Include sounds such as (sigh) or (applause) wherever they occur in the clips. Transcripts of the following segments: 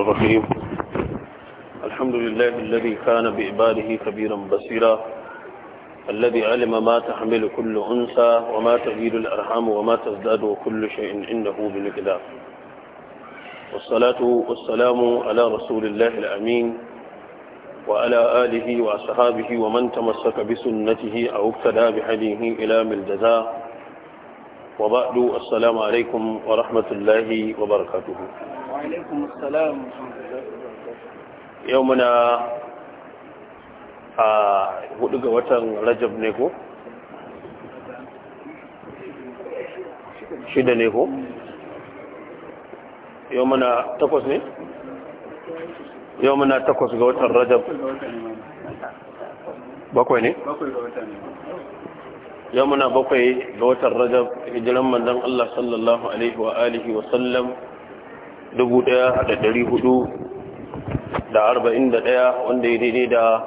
الرحيم الحمد لله الذي كان بإباده كبيرا بصيرا الذي علم ما تحمل كل أنثى وما تغيير الأرحام وما تزداد وكل شيء عنده بمقدار والصلاة والسلام على رسول الله الأمين وعلى آله وأصحابه ومن تمسك بسنته أو ابتدى بهديه إلى ملجزاء وبعد السلام عليكم ورحمة الله وبركاته yau muna a hudu ga watan rajab ne ko? shida ne ko? yau muna takwas ne? yau muna takwas ga watan rajab bakwai ne? yau muna bakwai ga watan rajab hijiran manzan Allah sallallahu Alaihi wa alihi wa wasallam 1441 wanda ya daidai da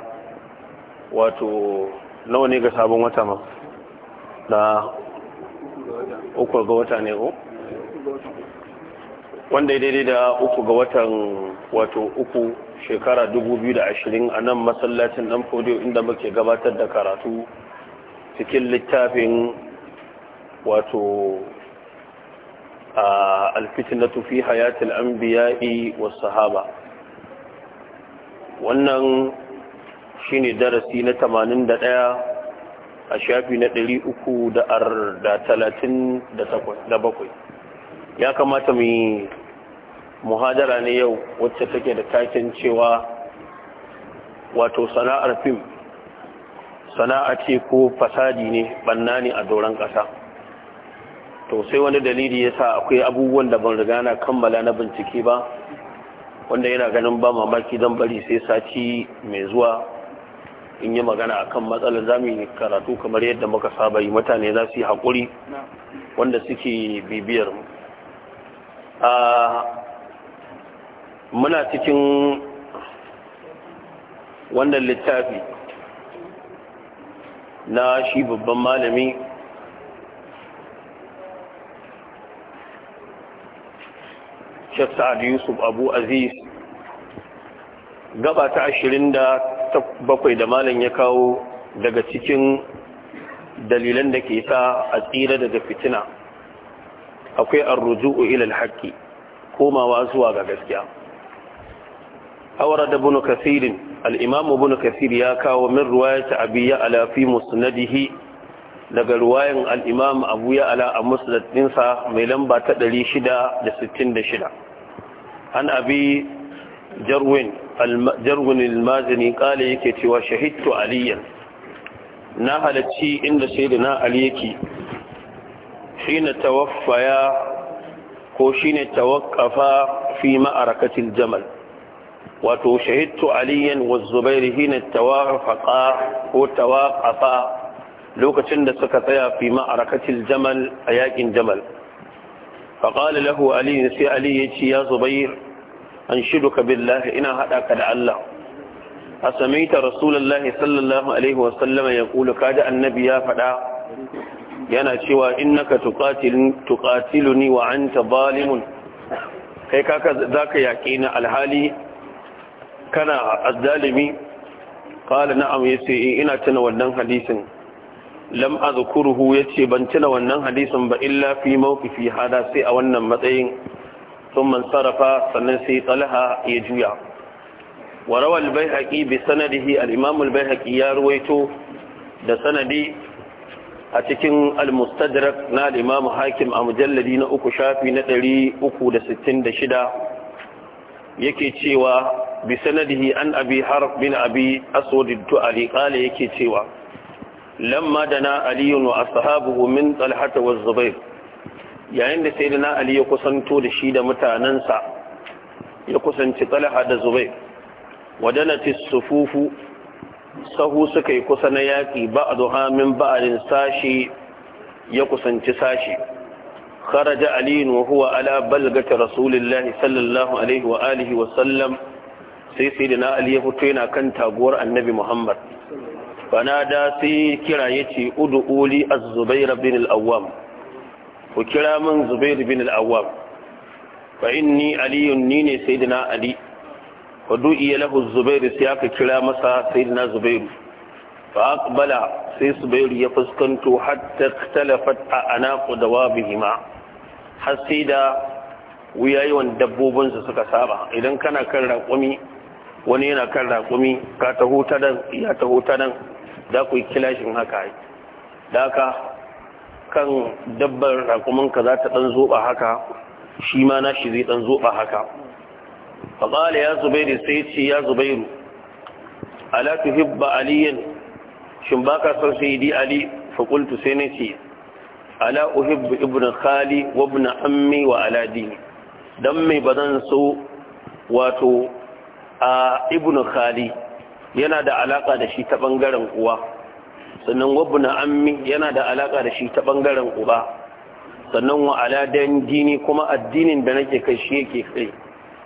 wato nawa ne ga sabon wata ma da uku ga wata ne o wanda ya daidai da uku ga watan wato uku shekara ashirin a nan masallacin dan fodiyo inda muke gabatar da karatu cikin littafin wato alfitnatu fi hayatil anbiya'i was sahaba wannan shine darasi na 81 a shafi na 337 ya kamata mu muhadara ne yau wacce take da taken cewa wato sana'ar fim sana'a ce ko fasadi ne banna ne a doron ƙasa to sai wani dalili ya sa akwai abubuwan da ban riga na kammala na bincike ba wanda yana ganin ba mamaki don bari sai sati mai zuwa in yi magana a kan matsalar zami karatu kamar yadda muka saba yi mutane za su yi haƙuri wanda suke bibiyar mu muna cikin wannan littafi na shi babban malami Sheikh Sa'ad Yusuf Abu Aziz gaba ta 27 da malam ya kawo daga cikin dalilan da ke sa a tsira daga fitina akwai ar-ruju'u ila al komawa zuwa ga gaskiya awara da bunu kasirin al-imam kasir ya kawo min riwayata abi ya fi musnadihi daga riwayan al-imam abu ya ala a musnad sa mai lamba ta 666 an abi jarwin jarwin almazini kale yake cewa shahidtu aliyan na halacci inda na ali shi shine tawaffaya ko shi ne tawakkafa fi ma'arakatil jamal wato shahidtu aliyan wa zubairu ne tawafaqa ko tawaqafa lokacin da suka tsaya fi ma'arakatil jamal a yakin jamal faƙali lahu Ali sai Ali ya ci ya zubayir an shidu ka ina haɗa ka da Allah a samita rasulallah sallallahu Alaihi wasallama ya kula ka da annabi ya faɗa yana cewa in ka tuƙatilu ni wa an ta zalimun kai kaka za ka yaƙe ni alhali kana azzalimi ƙali na'am ya ce ina tuna wannan hadisin lam ya yace ban tuna wannan hadisin ba illa fi mawqifi hada sai a wannan matsayin thumma sarrafa sannan sai talaha ya juya wa rawa al bi sanadihi al-imam ya ruwaito da sanadi a cikin al-mustadrak na al hakim a mujalladi na uku shafi na 366 yake cewa bi sanadihi an abi harf bin abi aswad ad-du'ali yake cewa lamma dana aliyun wa ashabuhu min talhata wa zubair yayin da sai sayyidina ali ya kusanto da shi da mutanansa ya kusanci talha da zubair wadanati sufufu sahu suka yi kusa na yaƙi, yaki ba'dha min ba'din sashi ya kusanci sashi خرج علي وهو على بلغة رسول الله صلى الله عليه wa sallam, sai sai da na ali ya fito yana kan taguwar annabi muhammad fanada sai kira ya ce udu uli a zubair bin al'awam ku kira min zubair bin al'awam fa inni aliyun ni ne sai dina ali fa du'iya lahu Zubairu sai aka kira masa sai dina zubair fa aqbala sai Zubairu ya fuskanto hatta ikhtalafat a anaqu dawabihima har sai da wuyayewan dabbobinsu suka saba idan kana kan raƙumi wani yana kan raƙumi ka taho ta nan ya taho ta nan za ku yi kilashin haka da haka kan dabbar rakumanka za ta ɗan zoɓa haka shi ma na shi zai ɗan zoɓa haka faƙala ya zubairu sai ce ya zubairu alatu Hibba aliyan shin ba ka son sai di ali fukultu sai na ce ala Hibba ibn khali wa ibn ammi wa aladi don mai ba zan so wato a ibn khali yana da alaƙa da shi ta ɓangaren uwa sannan wabna ammi yana da alaƙa da shi ta ɓangaren uba sannan wa aladan dini kuma addinin da nake kai shi yake kai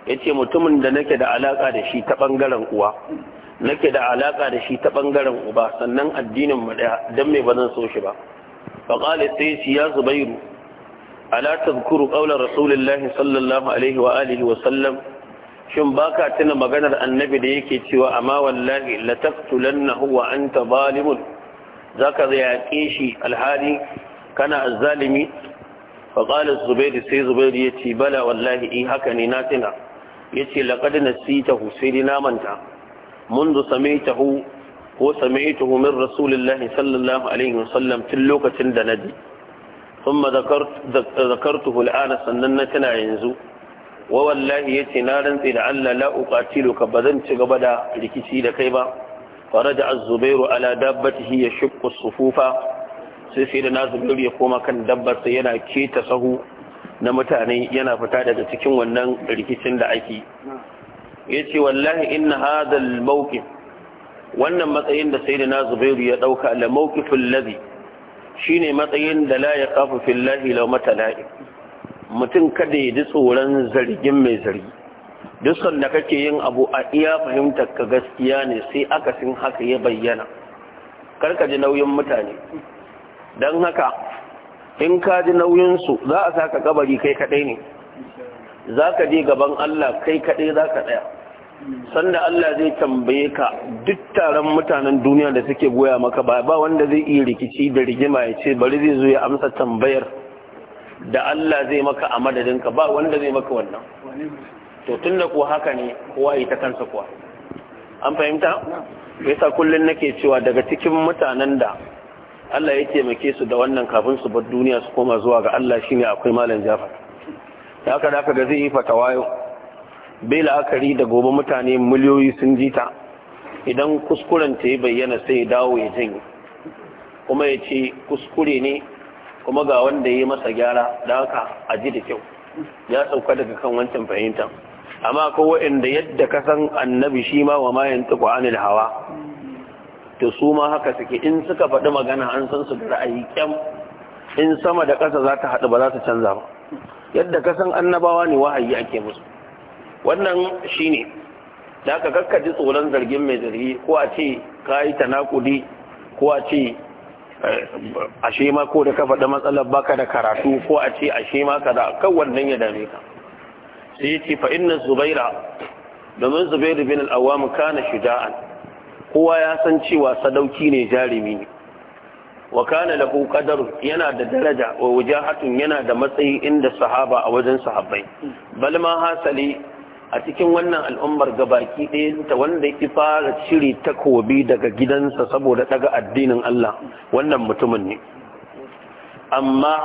yace mutumin da nake da alaƙa da shi ta ɓangaren uwa nake da alaƙa da shi ta ɓangaren uba sannan addinin mu daya dan me zan so shi ba fa qala sai shi ya zubairu ala tadhkuru qawla rasulillahi sallallahu alaihi wa alihi wa sallam shin baka tuna maganar annabi da yake cewa amma wallahi la wa anta zalimun zaka yaƙe shi alhali kana azzalimi fa qala zubair sai zubair yace bala wallahi in eh, haka ne na tuna yace laqad nasitahu sai na manta منذ سمعته وسمعته من رسول الله صلى الله عليه وسلم تلوكة دندي ثم ذكرت ذكرته الآن سننتنا ينزو wa wallahi yace na rantsi da Allah la ba bazan ci gaba da rikici da kai ba faraja az-zubairu ala dabbatihi yashqu as-sufufa sai sai da nazubairu ya koma kan dabbar sa yana keta sahu na mutane yana fita daga cikin wannan rikicin da ake yace wallahi inna hadha al-mawqif wannan matsayin da sayyidina zubairu ya dauka la mawqiful ladhi shine matsayin da la yaqafu fillahi law matala'ib mutum kada ya ji tsoron zargin mai zargi duk da kake yin abu a iya fahimtar ka gaskiya ne sai akasin haka ya bayyana karka ji nauyin mutane don haka in ka ji nauyinsu za a saka kabari kai kaɗai ne za ka je gaban Allah kai kaɗai za ka tsaya sanda Allah zai tambaye ka duk taron mutanen duniya da suke goya maka ba ba wanda zai iya rikici da rigima ya ce bari zai zo ya amsa tambayar da Allah zai maka a madadinka ba wanda zai maka wannan to tun da haka ne kowa yi ta kansa kuwa an fahimta Ya sa kullum nake cewa daga cikin mutanen da Allah ya taimake su da wannan kafin su bar duniya su koma zuwa ga Allah shine akwai malam Jafar da haka da ga zai yi fatawa bai la'akari da gobe mutane miliyoyi sun ji ta idan kuskuren ta yi bayyana sai ya dawo ya janye kuma ya ce kuskure ne kuma ga wanda ya masa gyara da haka a ji da kyau ya sauka daga kan wancan fahimta amma ko wa'anda yadda ka san annabi shi ma wa mayan tuku anil hawa to su ma haka suke in suka faɗi magana an san su da ra'ayi kyan in sama da ƙasa za ta haɗu ba za ta canza ba yadda ka san annabawa ne wahayi ake musu wannan shi ne. da aka kakkaji tsoron zargin mai zargi ko a ce ka yi tanakudi ko a ce ashe ma ko da ka faɗa matsalar baka da karatu ko a ce ashe ma da kan nan ya dame ka sai yace fa inna zubaira domin zubairu bin al kana shuja'an kowa ya san cewa sadauki ne jarumi ne wa kana lahu qadar yana da daraja wa wajahatun yana da matsayi inda sahaba a wajen sahabbai bal ma hasali a cikin wannan al'ummar gabaki ɗayanta wanda ya fara cire takobi daga gidansa saboda daga addinin Allah wannan mutumin ne amma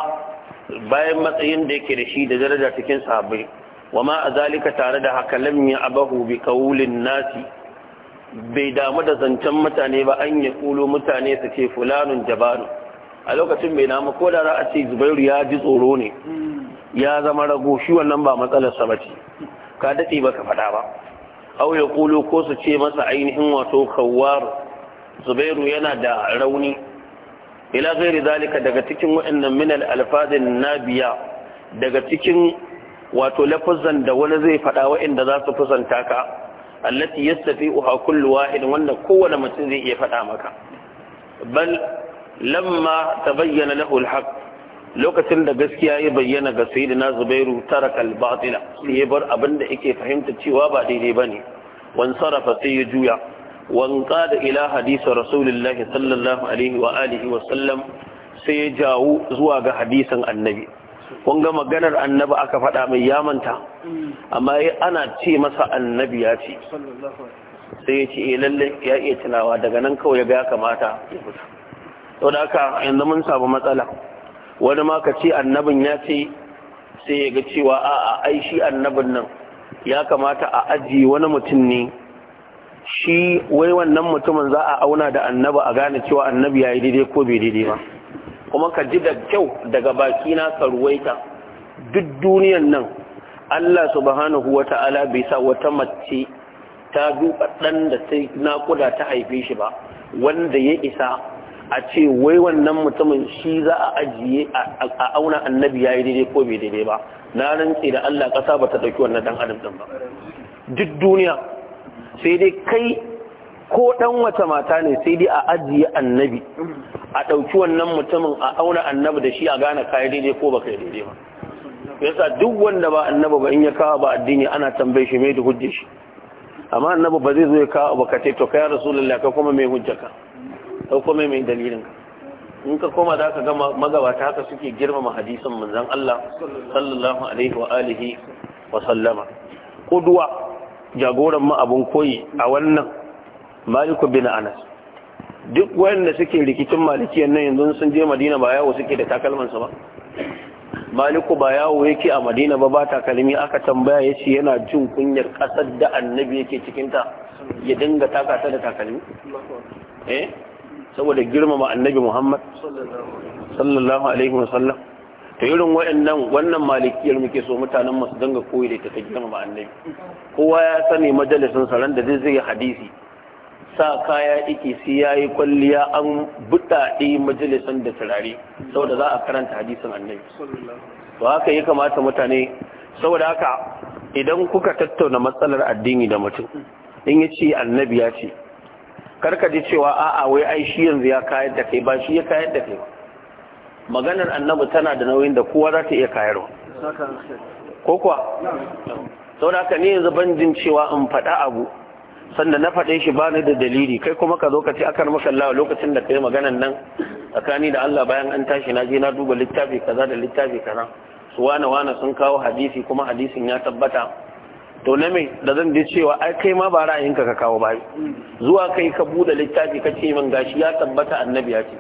bayan matsayin da yake da shi da daraja cikin sabai wa ma a zalika tare da haka lam ya abahu bi qawlin nasi bai damu da zancen mutane ba an ya kulo mutane su ce fulanun jabaru a lokacin bai namu ko da za a ce zubairu ya ji tsoro ne ya zama rago shi wannan ba matsalar sa ce ka daɗe ba ka faɗa ba au ya kulo ko su ce masa ainihin wato kawwaru zubairu yana da rauni ila gairi zalika daga cikin waɗannan minal alfadin nabiya daga cikin wato lafazan da wani zai faɗa waɗanda za su fusanta ka allati yastafi uha kullu wahid wanda kowane mutum zai iya faɗa maka bal lamma tabayyana lahu ulhak. lokacin da gaskiya ya bayyana ga sayyidina zubairu taraka al-batila ya bar abin da yake fahimta cewa ba daidai bane wan sarafa sai ya juya wan qada ila hadisi rasulullahi sallallahu alaihi wa alihi wa sallam sai ya jawo zuwa ga hadisin annabi kun ga maganar annabi aka faɗa mai ya manta amma ana ce masa annabi ya ce sai ya ce eh, lalle ya iya tunawa daga nan kawai ya ga ya kamata ya fita saboda haka yanzu mun samu matsala wani ma ka ce annabin ya ce sai ya ga cewa a'a ai shi annabin nan ya kamata a ajiye wani mutum ne shi wai wannan mutumin za a auna da annabi a gane cewa annabi ya yi daidai ko bai daidai ba kuma ka ji da kyau daga baki na ka ruwaita duk duniyan nan Allah subhanahu wa ta'ala bai sa wata mace ta duka ɗan da ta naƙuda ta haife shi ba wanda ya isa a ce wai wannan mutumin shi za a ajiye a auna annabi ya yi daidai ko bai daidai ba na rantse da Allah kasa ba ta ɗauki wannan ɗan adam ɗin ba duk duniya sai dai kai ko ɗan wata mata ne sai dai a ajiye annabi a ɗauki wannan mutumin a auna annabi da shi a gane ka yi daidai ko ba ka yi daidai ba yasa duk wanda ba annabi ba in ya kawo ba addini ana tambaye shi mai da hujjar shi amma annabi ba zai zo ya kawo ba ka ce to kai rasulullahi ka kuma mai ka? ɗauko mai mai dalilin in ka koma za ka gama magabata haka suke girmama hadisin manzon Allah sallallahu alaihi wa alihi wa sallama kuduwa jagoran ma abun koyi a wannan Malik bin anas duk wanda suke rikicin malikiyan nan yanzu sun je madina ba yawo suke da sa ba Malik ba yawo yake a madina ba ba takalmi aka tambaya ya ce yana jin kunyar kasar da annabi yake cikinta ya dinga takata da takalmi eh saboda girmama annabi Muhammad sallallahu alaihi wasallam ta irin waɗannan wannan malikiyar muke so mutanen su danga koyi da ta girmama annabi kowa ya sani majalisin saran da zai zai hadisi sa kaya iki sai yayi kwalliya an buɗaɗe majalisin da turare saboda za a karanta hadisin annabi to haka ya kamata mutane saboda haka idan kuka tattauna matsalar addini da mutum in ya ce annabi ya ce karka ji cewa a'a wai ai shi yanzu ya kayar da kai ba shi ya kayar da kai maganar annabi tana da nauyin da kowa za ta iya kayarwa ko kuwa sau da haka ne yanzu ban jin cewa in faɗa abu sanda na faɗe shi ba ni da dalili kai kuma ka zo ka ce akar maka Allah lokacin da kai maganar nan tsakani da Allah bayan an tashi na je na duba littafi kaza da littafi kaza su wane wane sun kawo hadisi kuma hadisin ya tabbata to na me da zan je cewa ai kai ma ba ra'ayinka ka kawo bai zuwa kai ka bude littafi ka ce min gashi ya tabbata annabi ya ce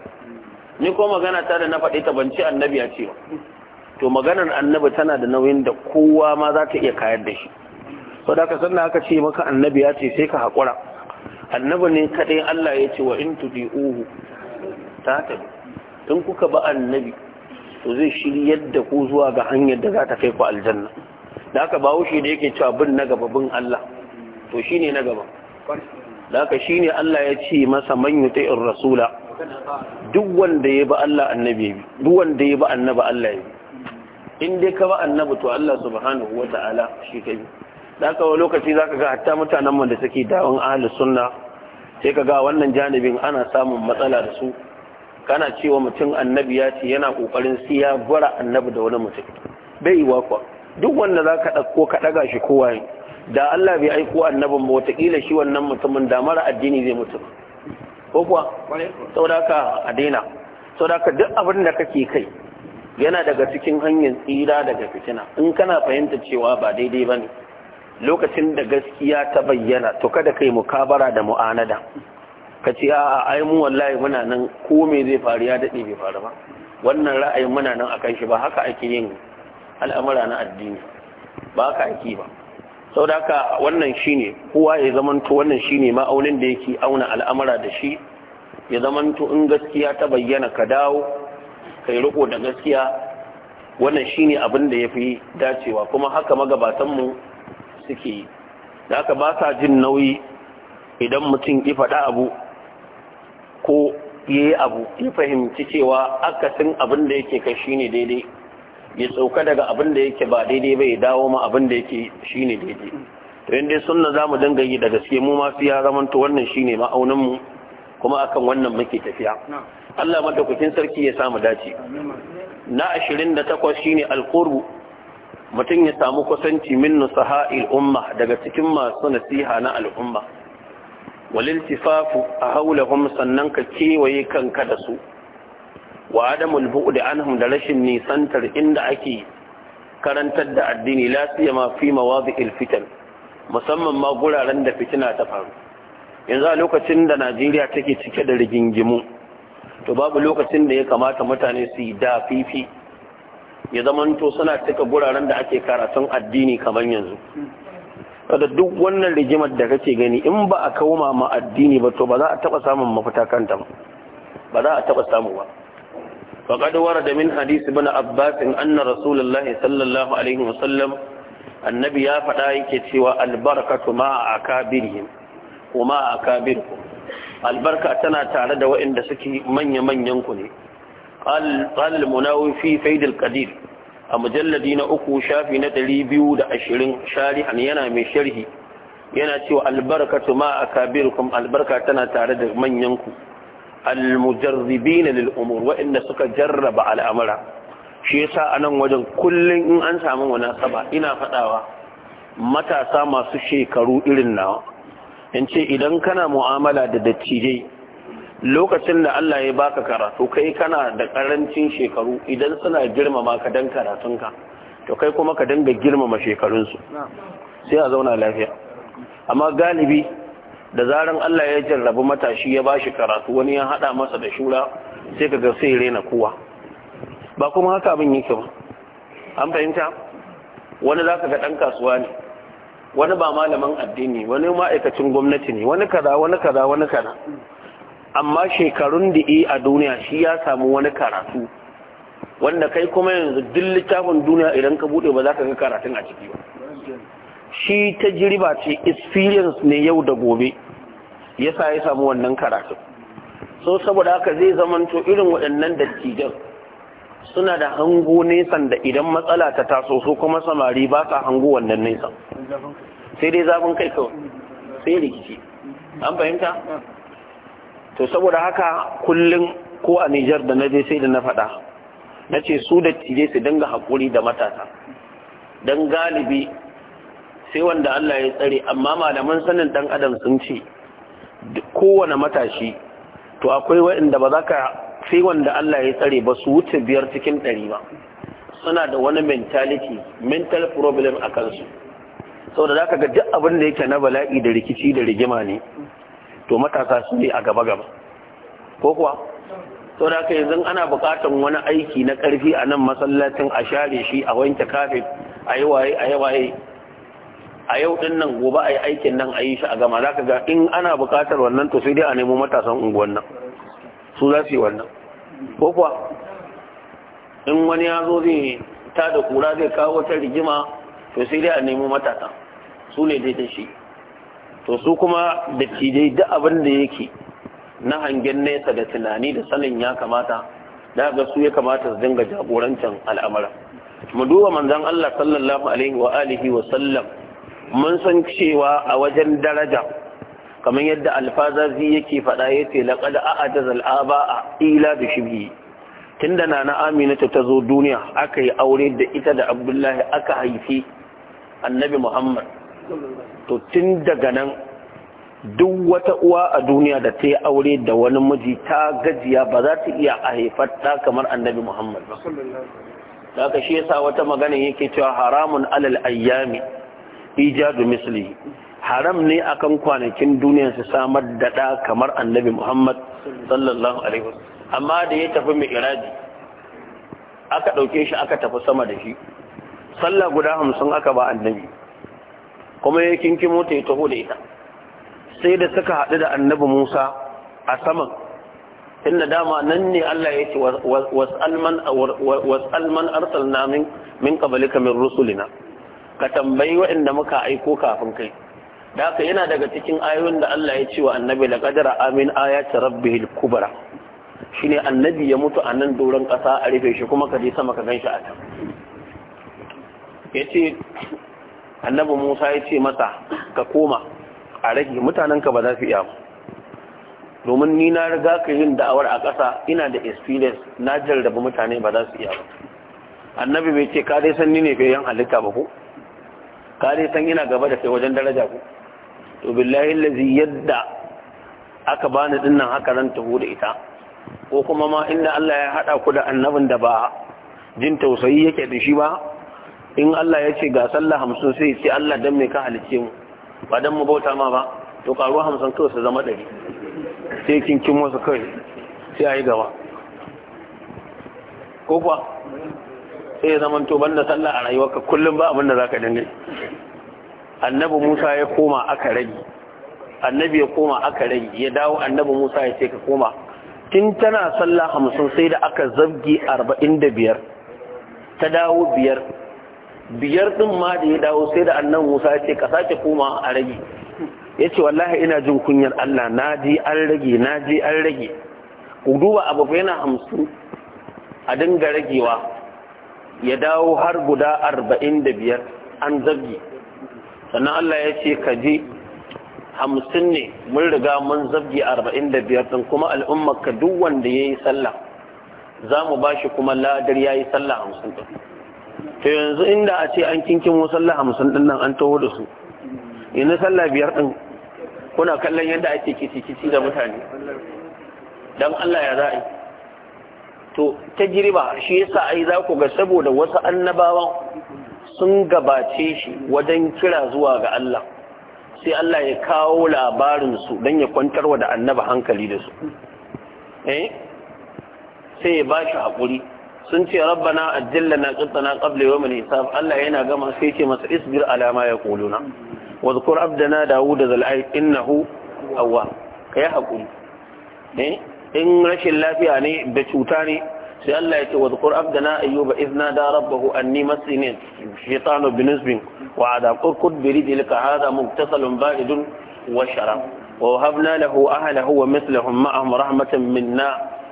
ni ko magana ta da na faɗi ta ban annabi ya ce to maganar annabi tana da nauyin da kowa ma za ka iya kayar da shi so da ka sanna aka ce maka annabi ya ce sai ka haƙura annabi ne kaɗai Allah ya ce wa in tudi'uhu ta tabi in kuka ba annabi to zai shiryar da ku zuwa ga hanyar da za ta kai ku aljanna da aka bawo shi da yake cewa bin na gaba bin Allah to shine na gaba da aka shine Allah ya ce masa man yuti'ir rasula duk wanda ya bi Allah annabi bi duk wanda ya bi annabi Allah ya bi in dai ka bi annabi to Allah subhanahu ta'ala shi ka bi da aka wa lokaci ka ga hatta mutanen mu da suke dawon ahlus sunna sai ka ga wannan janibin ana samun matsala da su kana cewa mutum annabi ya ce yana kokarin siya gwara annabi da wani mutum bai yi wakwa. duk wanda za ka ɗauko ka ɗaga shi kowa da Allah bai aiko annabin ba wataƙila shi wannan mutumin da mara addini zai mutu ko kuwa sauraka a daina sauraka duk abin da kake kai yana daga cikin hanyar tsira daga fitina in kana fahimta cewa ba daidai ba ne lokacin da gaskiya ta bayyana to kada kai mukabara da mu'anada ka ce a ai mu wallahi muna nan ko me zai faru ya daɗe bai faru ba wannan ra'ayin muna nan a kan shi ba haka ake yin al'amura na addini ba ka aiki ba sau da haka wannan shine kowa ya zamanto wannan shine ma'aunin da yake auna al'amura da shi ya zamanto in gaskiya ta bayyana ka dawo kai riko da gaskiya wannan shine abin da fi dacewa kuma haka magabatanmu suke yi da haka ba sa jin nauyi idan mutum ya faɗa abu ko ya yi abu ya fahimci cewa akasin abin da yake kai shine daidai ya tsauka daga abin da yake ba daidai ba ya dawo ma abin da yake shine daidai to yanda sunna zamu danga yi da gaske mu ma sai ya to wannan shine ma'aunin mu kuma akan wannan muke tafiya Allah madaukakin sarki ya samu dace na 28 shine alquru mutum ya samu kusanci min nusaha'il umma daga cikin masu nasiha na al'umma waliltifafu a haulahum sannan ka kewaye kanka da su wa adamul bu'd anhum da rashin nisantar inda ake karantar da addini la siyama fi mawadi'il fitan musamman ma guraren da fitina ta faru yanzu a lokacin da Najeriya take cike da rigingimu to babu lokacin da ya kamata mutane su yi da fifi ya zamanto suna cika guraren da ake karatun addini kamar yanzu kada duk wannan rigimar da kake gani in ba a kauma ma addini ba to ba za a taba samun mafita kanta ba ba za a taba samu ba فقد da من hadisi ابن عباس ان رسول الله صلى الله عليه وسلم النبي يا yake cewa albaraka ma akabirhim kuma akabirku tana tare da waɗanda suke manya manyan ne qal qal munawi fi faid a mujalladi na uku shafi na 220 sharihan yana mai sharhi yana cewa albaraka ma akabirkum albaraka tana tare da manyanku. almujarribina lil umur waɗanda suka jarraba al'amura shi yasa anan wajen kullun in an samu munasaba ina fadawa matasa masu shekaru irin nawa in ce idan kana mu'amala da dattijai lokacin da Allah ya baka karatu kai kana da karancin shekaru idan suna girmama ka dan karatunka to kai kuma ka dinga girmama shekarunsu sai a zauna lafiya amma galibi da zaran Allah ya jarrabu matashi ya bashi karatu wani ya hada masa da shura sai ka kaga sai rena kowa ba kuma haka abin yake ba an fahimta wani zaka ga dan kasuwa ne wani ba malaman addini wani ma'aikacin gwamnati ne wani kaza wani kaza wani kaza amma shekarun da yi a duniya shi ya samu wani karatu wanda kai kuma yanzu duk littafin duniya idan ka bude ba za ka ga karatun a ciki ba shi ta jiriba ce experience ne yau da gobe yasa ya samu wannan karatu so saboda haka zai zamanto irin waɗannan dattijan suna da hango nesan da idan matsala ta taso su kuma samari ba sa hango wannan nesan sai dai zafin kai kawai sai rikici an fahimta to saboda haka kullum ko a Nijar da na je sai da na faɗa na ce su da tije su dinga haƙuri da matasa don galibi sai wanda Allah ya tsare amma malaman sanin ɗan adam sun ce kowane matashi to akwai waɗanda ba za ka sai wanda Allah ya tsare ba su wuce biyar cikin ɗari ba suna da wani mentality mental problem a kansu da za ka ga duk abin da yake na bala'i da rikici da rigima ne to matasa su ne a gaba-gaba ko kuwa saboda yi yanzu ana buƙatar wani aiki na ƙarfi a nan masallacin a share shi a wanke kafin a yi waye a yi waye a yau din nan gobe a yi aikin nan a yi shi a gama za ka ga in ana bukatar wannan to sai dai a nemo matasan unguwan nan su za su yi wannan ko kuwa in wani ya zo zai ta da kura zai kawo wata rigima to sai dai a nemo matasa su ne dai da shi to su kuma da dai duk abin da yake na hangen nesa da tunani da sanin ya kamata da ga su ya kamata su dinga jagorancin al'amura mu duba manzon Allah sallallahu alaihi wa alihi wa sallam mun san cewa a wajen daraja kamar yadda alfazazi yake faɗa ya ce laƙada a ajazal aba a ila da shibhi tun da nana aminata ta zo duniya aka yi aure da ita da abdullahi aka haifi annabi muhammad to tun daga nan duk wata uwa a duniya da ta yi aure da wani miji ta gajiya ba za ta iya a haifar ta kamar annabi muhammad ba da shi yasa wata magana yake cewa haramun alal ayyami ijadu misli haram ne akan kwanakin duniya su samar da ɗa kamar annabi muhammad sallallahu alaihi amma da ya tafi mai iradi aka ɗauke shi aka tafi sama da shi sallah guda hamsin aka ba annabi kuma ya kinki mota ya taho da ita sai da suka haɗu da annabi musa a saman inda dama nan ne allah ya ce wasalman arsalna min kabali min rusulina ka tambayi waɗanda muka aiko kafin kai da haka yana daga cikin ayoyin da Allah ya ce wa annabi la qadara amin ayati rabbihil kubra shine annabi ya mutu a nan doron ƙasa a rufe shi kuma ka je sama ka ganshi a can yace annabi Musa ya ce masa ka koma a rage mutanen ka ba za su iya ba. domin ni na riga ka yin da'awar a ƙasa ina da experience na jarraba mutane ba za su iya ba annabi bai ce ka dai san ni ne bai yan halitta ba ko ka dai san ina gaba da kai wajen daraja ku to billahi allazi yadda aka bani dinnan haka ran taho da ita ko kuma ma inda Allah ya hada ku da annabin da ba jin tausayi yake da shi ba in Allah ya ce ga sallah hamsin sai ya ce Allah dan me ka halice mu ba dan mu bauta ma ba to karu hamsin kawai su zama ɗari sai kinkin wasu kai sai a gaba ko kuwa sai ya zama to banda sallah a rayuwarka kullum ba abin da zaka dinga annabi Musa ya koma aka rage annabi ya koma aka rage ya dawo annabi Musa ya ce ka koma tun tana sallah hamsin sai da aka zabgi arba'in da biyar ta dawo biyar biyar din ma da ya dawo sai da annabi musa ya ce ka sake koma a rage ya ce wallahi ina jin kunyar allah na ji an rage na ji an rage ku duba abu yana hamsin a dinga ragewa ya dawo har guda arba'in da biyar an zabgi sannan Allah ya ce ka ji hamsin ne mun riga mun zabgi arba'in da biyar ɗin kuma al'umma ka duk wanda ya yi sallah za mu ba shi kuma ladar ya yi sallah hamsin ɗin to yanzu inda a ce an wasu sallah hamsin ɗin nan an taho da su yanzu sallah biyar ɗin kuna kallon yadda ake kici-kici da mutane don Allah ya za'a to ta tajriba shi yasa ai za ku ga saboda wasu annabawan sun gabace shi wajen kira zuwa ga Allah sai Allah ya kawo labarin su dan ya kwantar wa da annaba hankali da su eh sai ya bashi hakuri sun ce rabbana ajjalna qattana qabla yawm al-hisab Allah yana gama sai ce masa isbir ala ma yaquluna wa zkur abdana daud zal innahu awwa kai hakuri eh in rashin lafiya ne da cuta ne sai Allah ya ce wa zukur abdana ayyuba izna da rabbahu anni masini shaitanu binusbin wa ada qurqud bi rijlika hada muktasalun ba'idun wa sharab wa wahabna lahu ahlahu wa mithluhum ma'ahum rahmatan minna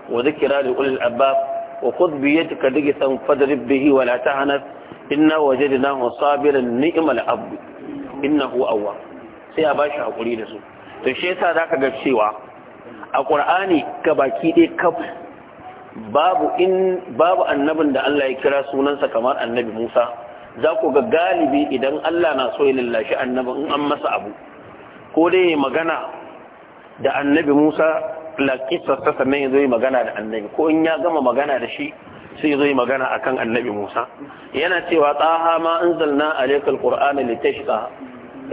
wa dhikra li ulil albab wa khudh bi yadika digisan fadrib bihi wa la tahnaf inna wajadnahu sabiran ni'mal abd innahu awwab sai a bashi hakuri da su to shi yasa zaka ga cewa a ƙur'ani ga baki ɗaya kaf babu in babu annabin da Allah ya kira sunansa kamar annabi Musa za ku ga galibi idan Allah na so ya lallashi annabi in an masa abu ko dai ya magana da annabi Musa la kissarsa sannan ya zo ya magana da annabi ko in ya gama magana da shi sai zo yi magana akan annabi Musa yana cewa tsaha ma anzalna alaykal qur'ana litashqa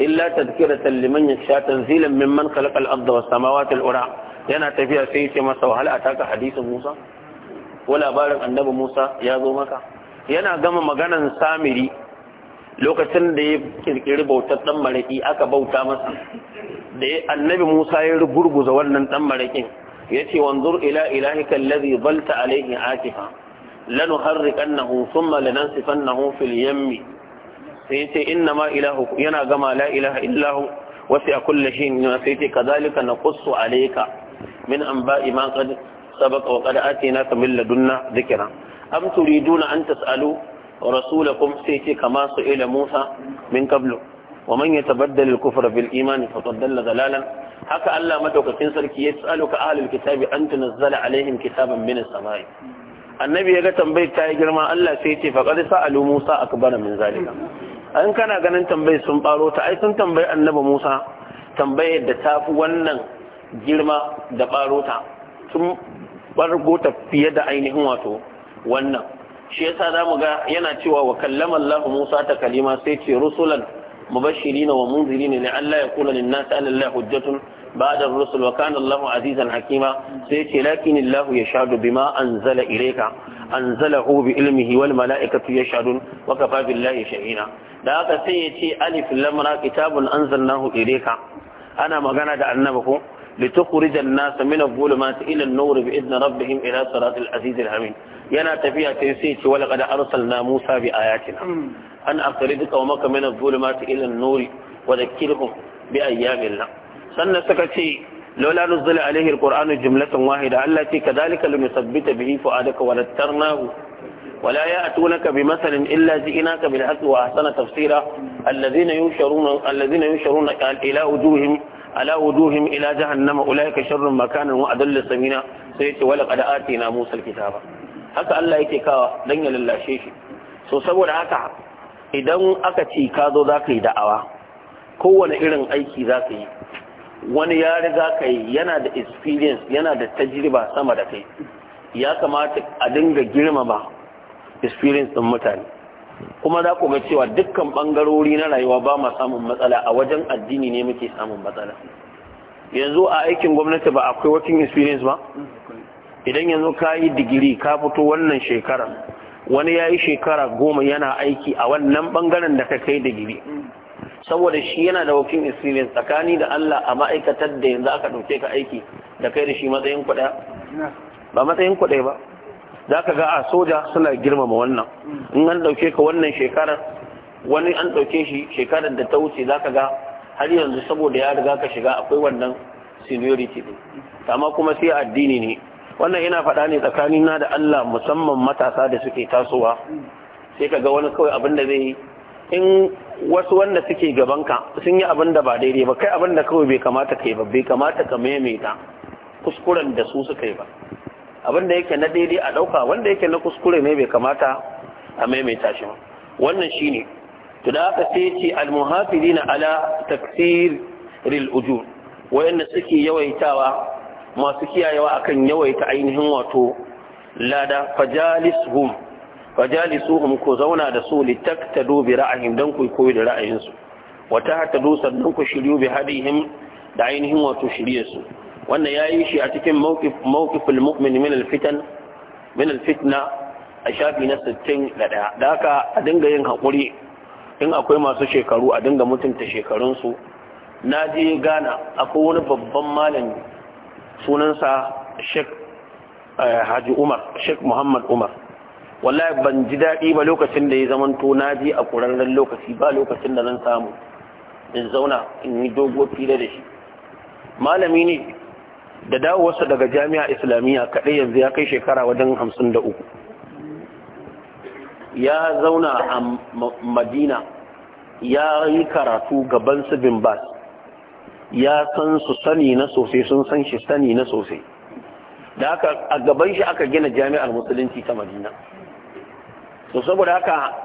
illa tadhkiratan liman yakhsha tanzilan mimman khalaqa abu ardha was samawati al-ula yana tafiya sai ce masa wahala a taka hadisin Musa ko labarin annabi Musa ya zo maka yana gama maganan samiri lokacin da ya kirkiri bautar dan maraki aka bauta masa da annabi Musa ya rugurguza wannan dan marakin yace wanzur ila ilahika alladhi balta alayhi akifa lanuharriqannahu thumma lanansifannahu fil yammi sai yace inna ma ilahu yana gama la ilaha illahu wasi a kulli shay'in sai yace kadhalika naqussu alayka min anba'i ma qad sabaqa wa qad atina ka min ladunna dhikra am turiduna an tas'alu rasulakum sai ce kama su ila Musa min qablu wa man yatabaddal al-kufra bil iman faqad dalla dalalan haka Allah madaukakin sarki ya tsaluka ahlul kitabi an tunazzala alaihim kitaban min as annabi ya ga tambayar ta yi girma Allah sai ce faqad sa'alu Musa akbara min zalika an kana ganin tambayar sun baro ta ai sun tambayi annabi Musa tambayar da ta fi wannan girma da barota sun bargota fiye da ainihin wato wannan shi yasa za mu ga yana cewa wa kallama Allah Musa ta kalima sai ce rusulan mubashirina wa munzirina ne Allah ya kula lin nasi ala Allah hujjatun ba'da rusul wa kana Allah azizan hakima sai ce lakin Allah shadu bima anzala ilayka anzalahu bi ilmihi wal mala'ikatu yashhadun wa kafa billahi shahina da haka sai ya ce alif lam ra kitabun anzalnahu ilayka ana magana da annabi ko لتخرج الناس من الظلمات إلى النور بإذن ربهم إلى صراط العزيز الحميد ينا تفيا تنسيت ولقد أرسلنا موسى بآياتنا أن أقرد قومك من الظلمات إلى النور وذكرهم بأيام الله سنة سكتي لولا نزل عليه القرآن جملة واحدة التي كذلك لنثبت به فؤادك ونترناه ولا يأتونك بمثل إلا جئناك بالحق وأحسن تفسيرا الذين ينشرون الذين ينشرون إلى وجوههم ala wuduhim ila jahannama ulaika sharrun makanan wa adallu samina sai ce wala qad atina musa alkitaba haka Allah yake kawa dan ya lallashe shi so saboda haka idan aka ce ka zo zaka yi da'awa kowane irin aiki zaka yi wani ya riga kai yana da experience yana da tajriba sama da kai ya kamata a dinga girmama experience din mutane kuma za ku ga cewa dukkan ɓangarori na rayuwa ba ma samun matsala a wajen addini ne muke samun matsala yanzu a aikin gwamnati ba akwai working experience ba idan yanzu ka yi digiri ka fito wannan shekara wani ya yi shekara goma yana aiki a wannan ɓangaren da ka kai digiri saboda shi yana da working experience tsakani da Allah a ma'aikatar da yanzu aka ɗauke ka aiki da kai da shi matsayin kuɗa ba matsayin kuɗa ba za ka ga a soja suna girmama wannan in an ɗauke ka wannan shekarar wani an ɗauke shi shekarar da ta wuce za ka ga har yanzu saboda ya riga ka shiga akwai wannan seniority ɗin amma kuma sai addini ne wannan ina faɗa ne tsakanin na da Allah musamman matasa da suke tasowa sai ka ga wani kawai abin da zai yi in wasu wanda suke gabanka sun yi abin da ba daidai ba kai abin da kawai bai kamata kai ba bai kamata ka maimaita kuskuren da su suka yi ba abin da yake na daidai a ɗauka wanda yake na kuskure ne bai kamata a maimaita shi wannan shine to da aka sai ce almuhafidina ala taksiril ujur wayanda suke yawaitawa masu kiyayewa akan yawaita ainihin wato lada fajalisuhum fajalisuhum ko zauna da su litaktadu bi ra'ayin dan ku koyi da ra'ayinsu wata dusar sannan ku shiryu bi hadihim da ainihin wato su wannan ya yi shi a cikin mawqifil mu'min min al-fitan min al-fitna a shafi na 61 da haka a dinga yin hakuri in akwai masu shekaru a dinga mutunta shekarunsu na je gana akwai wani babban malami sunansa Sheikh eh, Haji Umar Sheikh Muhammad Umar wallahi ban ji daɗi ba lokacin da ya zamanto na ji a ƙurarren lokaci ba lokacin da zan samu in zauna in yi dogo fira da shi malami ne da dawowarsa daga jami'a islamiyya kaɗai yanzu ya kai shekara wajen hamsin da uku ya zauna a madina ya yi karatu gaban su bimbas ya san su sani na sosai sun san shi sani na sosai da haka a gaban shi aka gina jami'ar musulunci ta madina so saboda haka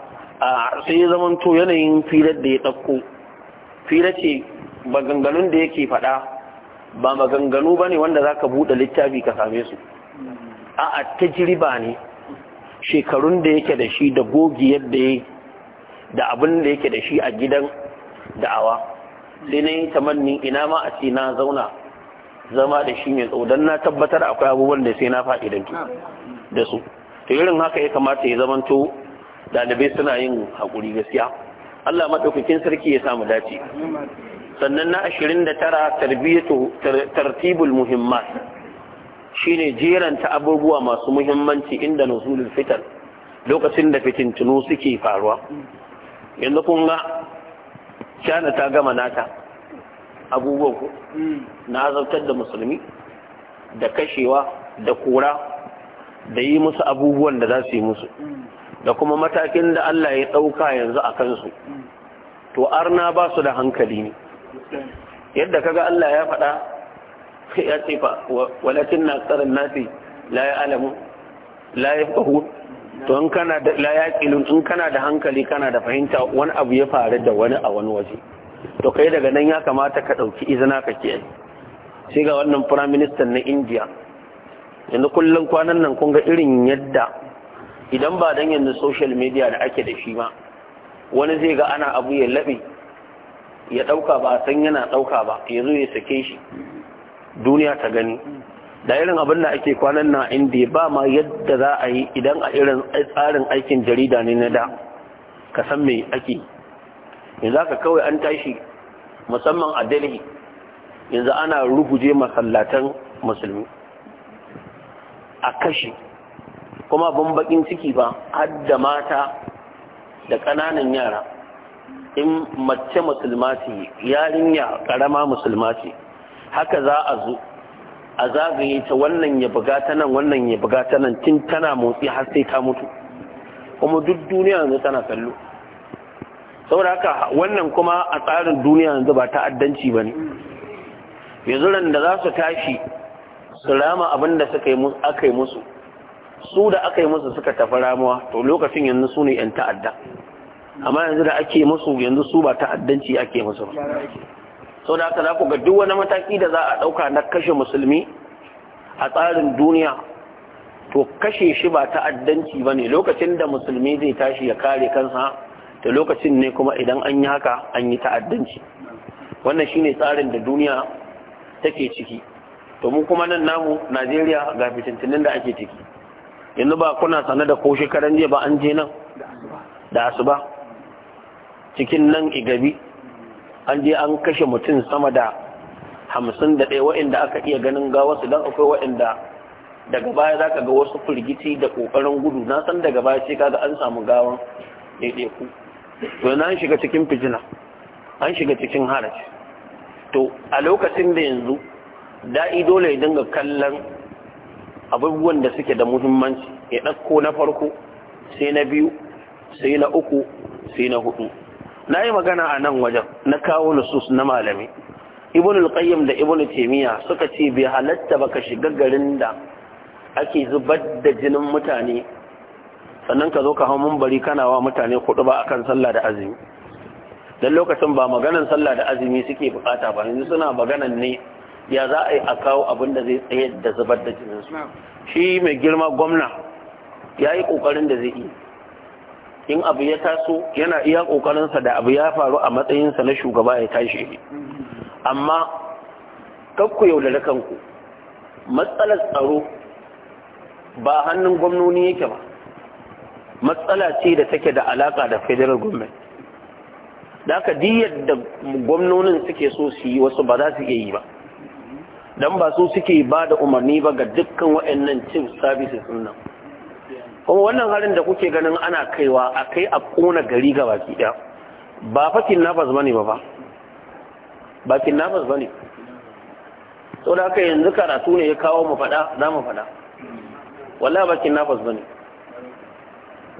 sai ya zamanto yanayin filar da ya ɗauko filar ce maganganun da yake faɗa ba maganganu ba ne wanda za ka buɗe littafi ka same su a jirba ne shekarun da yake da shi da gogi yadda ya da abin da yake da shi a gidan da'awa sai na yi tamanni ina ma a ce na zauna zama da shi mai tsodan na tabbatar akwai abubuwan da sai na faɗi da su ta irin haka ya kamata ya zamanto dalibai suna yin haƙuri gaskiya Allah maɗaukakin sarki ya samu dace sannan na ashirin da tara tartibul muhimmat shine jeranta abubuwa masu muhimmanci inda nusulul fitar lokacin da fitintunu suke faruwa yanzu kun ga shana ta gama nata abubuwan ku na azabtar da musulmi da kashewa da kora da yi musu abubuwan da za su yi musu da kuma matakin da Allah ya ɗauka yanzu a kansu to arna ba su da hankali ne yadda kaga Allah ya faɗa ya ce fa walakin na tsarin nasi la ya alamu la ya fahu to in kana da la ya kilun in kana da hankali kana da fahimta wani abu ya faru da wani a wani waje to kai daga nan ya kamata ka ɗauki izina ka ke sai ga wannan prime minister na India yanzu kullum kwanan nan kun ga irin yadda idan ba dan yanzu social media da ake da shi ma wani zai ga ana abu ya labe ya ɗauka ba a san yana ɗauka ba ya zo ya sake shi duniya ta gani da irin abin da ake kwanan na inda ba ma yadda za a yi idan a irin tsarin aikin jarida ne na da ka san me ake za ka kawai an tashi musamman a delhi yanzu ana ruguje masallatan musulmi a kashi kuma ban bakin ciki ba har da mata da ƙananan yara in mace musulma ce yarinya karama musulma ce haka za a zo a zagaye ta wannan ya buga ta nan wannan ya buga ta nan tun tana motsi har sai ta mutu kuma duk duniya yanzu tana kallo saboda haka wannan kuma a tsarin duniya yanzu ba ta'addanci ba ne yanzu ran da za su tashi su rama abin da suka yi aka yi musu su da aka yi musu suka tafi ramuwa to lokacin yanzu su ne 'yan ta'adda amma yanzu da ake musu yanzu su ba ta'addanci ake musu ba sau da aka za ku ga duk wani mataki da za a ɗauka na kashe musulmi a tsarin duniya to kashe shi ba ta'addanci ba ne lokacin da musulmi zai tashi ya kare kansa da lokacin ne kuma idan an yi haka an yi ta'addanci wannan shi ne tsarin da duniya take ciki to mu kuma nan namu najeriya ga fitintunin da ake ciki yanzu ba kuna sane da ko shekaran jiya ba an je nan da asuba cikin nan igabi an je an kashe mutum sama da hamsin da ɗaya wa'inda aka iya ganin wasu don akwai wa'inda daga baya za ka ga wasu firgici da ƙoƙarin gudu na san daga baya sai kaga an samu gawan ɗaiɗaiku to yana an shiga cikin fijina, an shiga cikin haraci to a lokacin da yanzu da'i dole ya dinga kallon abubuwan da suke da muhimmanci ya ɗauko na farko sai na biyu sai na uku sai na hudu na yi magana a nan wajen na kawo nusus na malami ibn al-qayyim da ibn taymiya suka ce bai halatta baka shiga garin da ake zubar da jinin mutane sannan ka zo ka hau mumbari kana wa mutane kudu ba akan sallah da azumi dan lokacin ba maganan sallah da azumi suke bukata ba yanzu suna maganan ne ya za a yi a kawo abin da zai tsaye da zubar da jinin su shi mai girma gwamna ya yi kokarin da zai yi in abu ya taso yana iya sa da abu ya faru a matsayinsa na shugaba ya tashi amma kakku da kanku matsalar tsaro ba hannun gwamnoni yake ba matsala ce da take da alaka da federal government da aka diyar da gwamnonin suke so su yi wasu ba za su iya yi ba Dan ba su suke ba da umarni ba ga dukkan waɗannan cin services nan kuma wannan harin da kuke ganin ana kaiwa a kai a kona gari ga baki ɗaya ba fakin nafas ba ne ba ba bakin nafas ba ne sau da aka yanzu karatu ne ya kawo mu faɗa za mu faɗa walla bakin nafas ba ne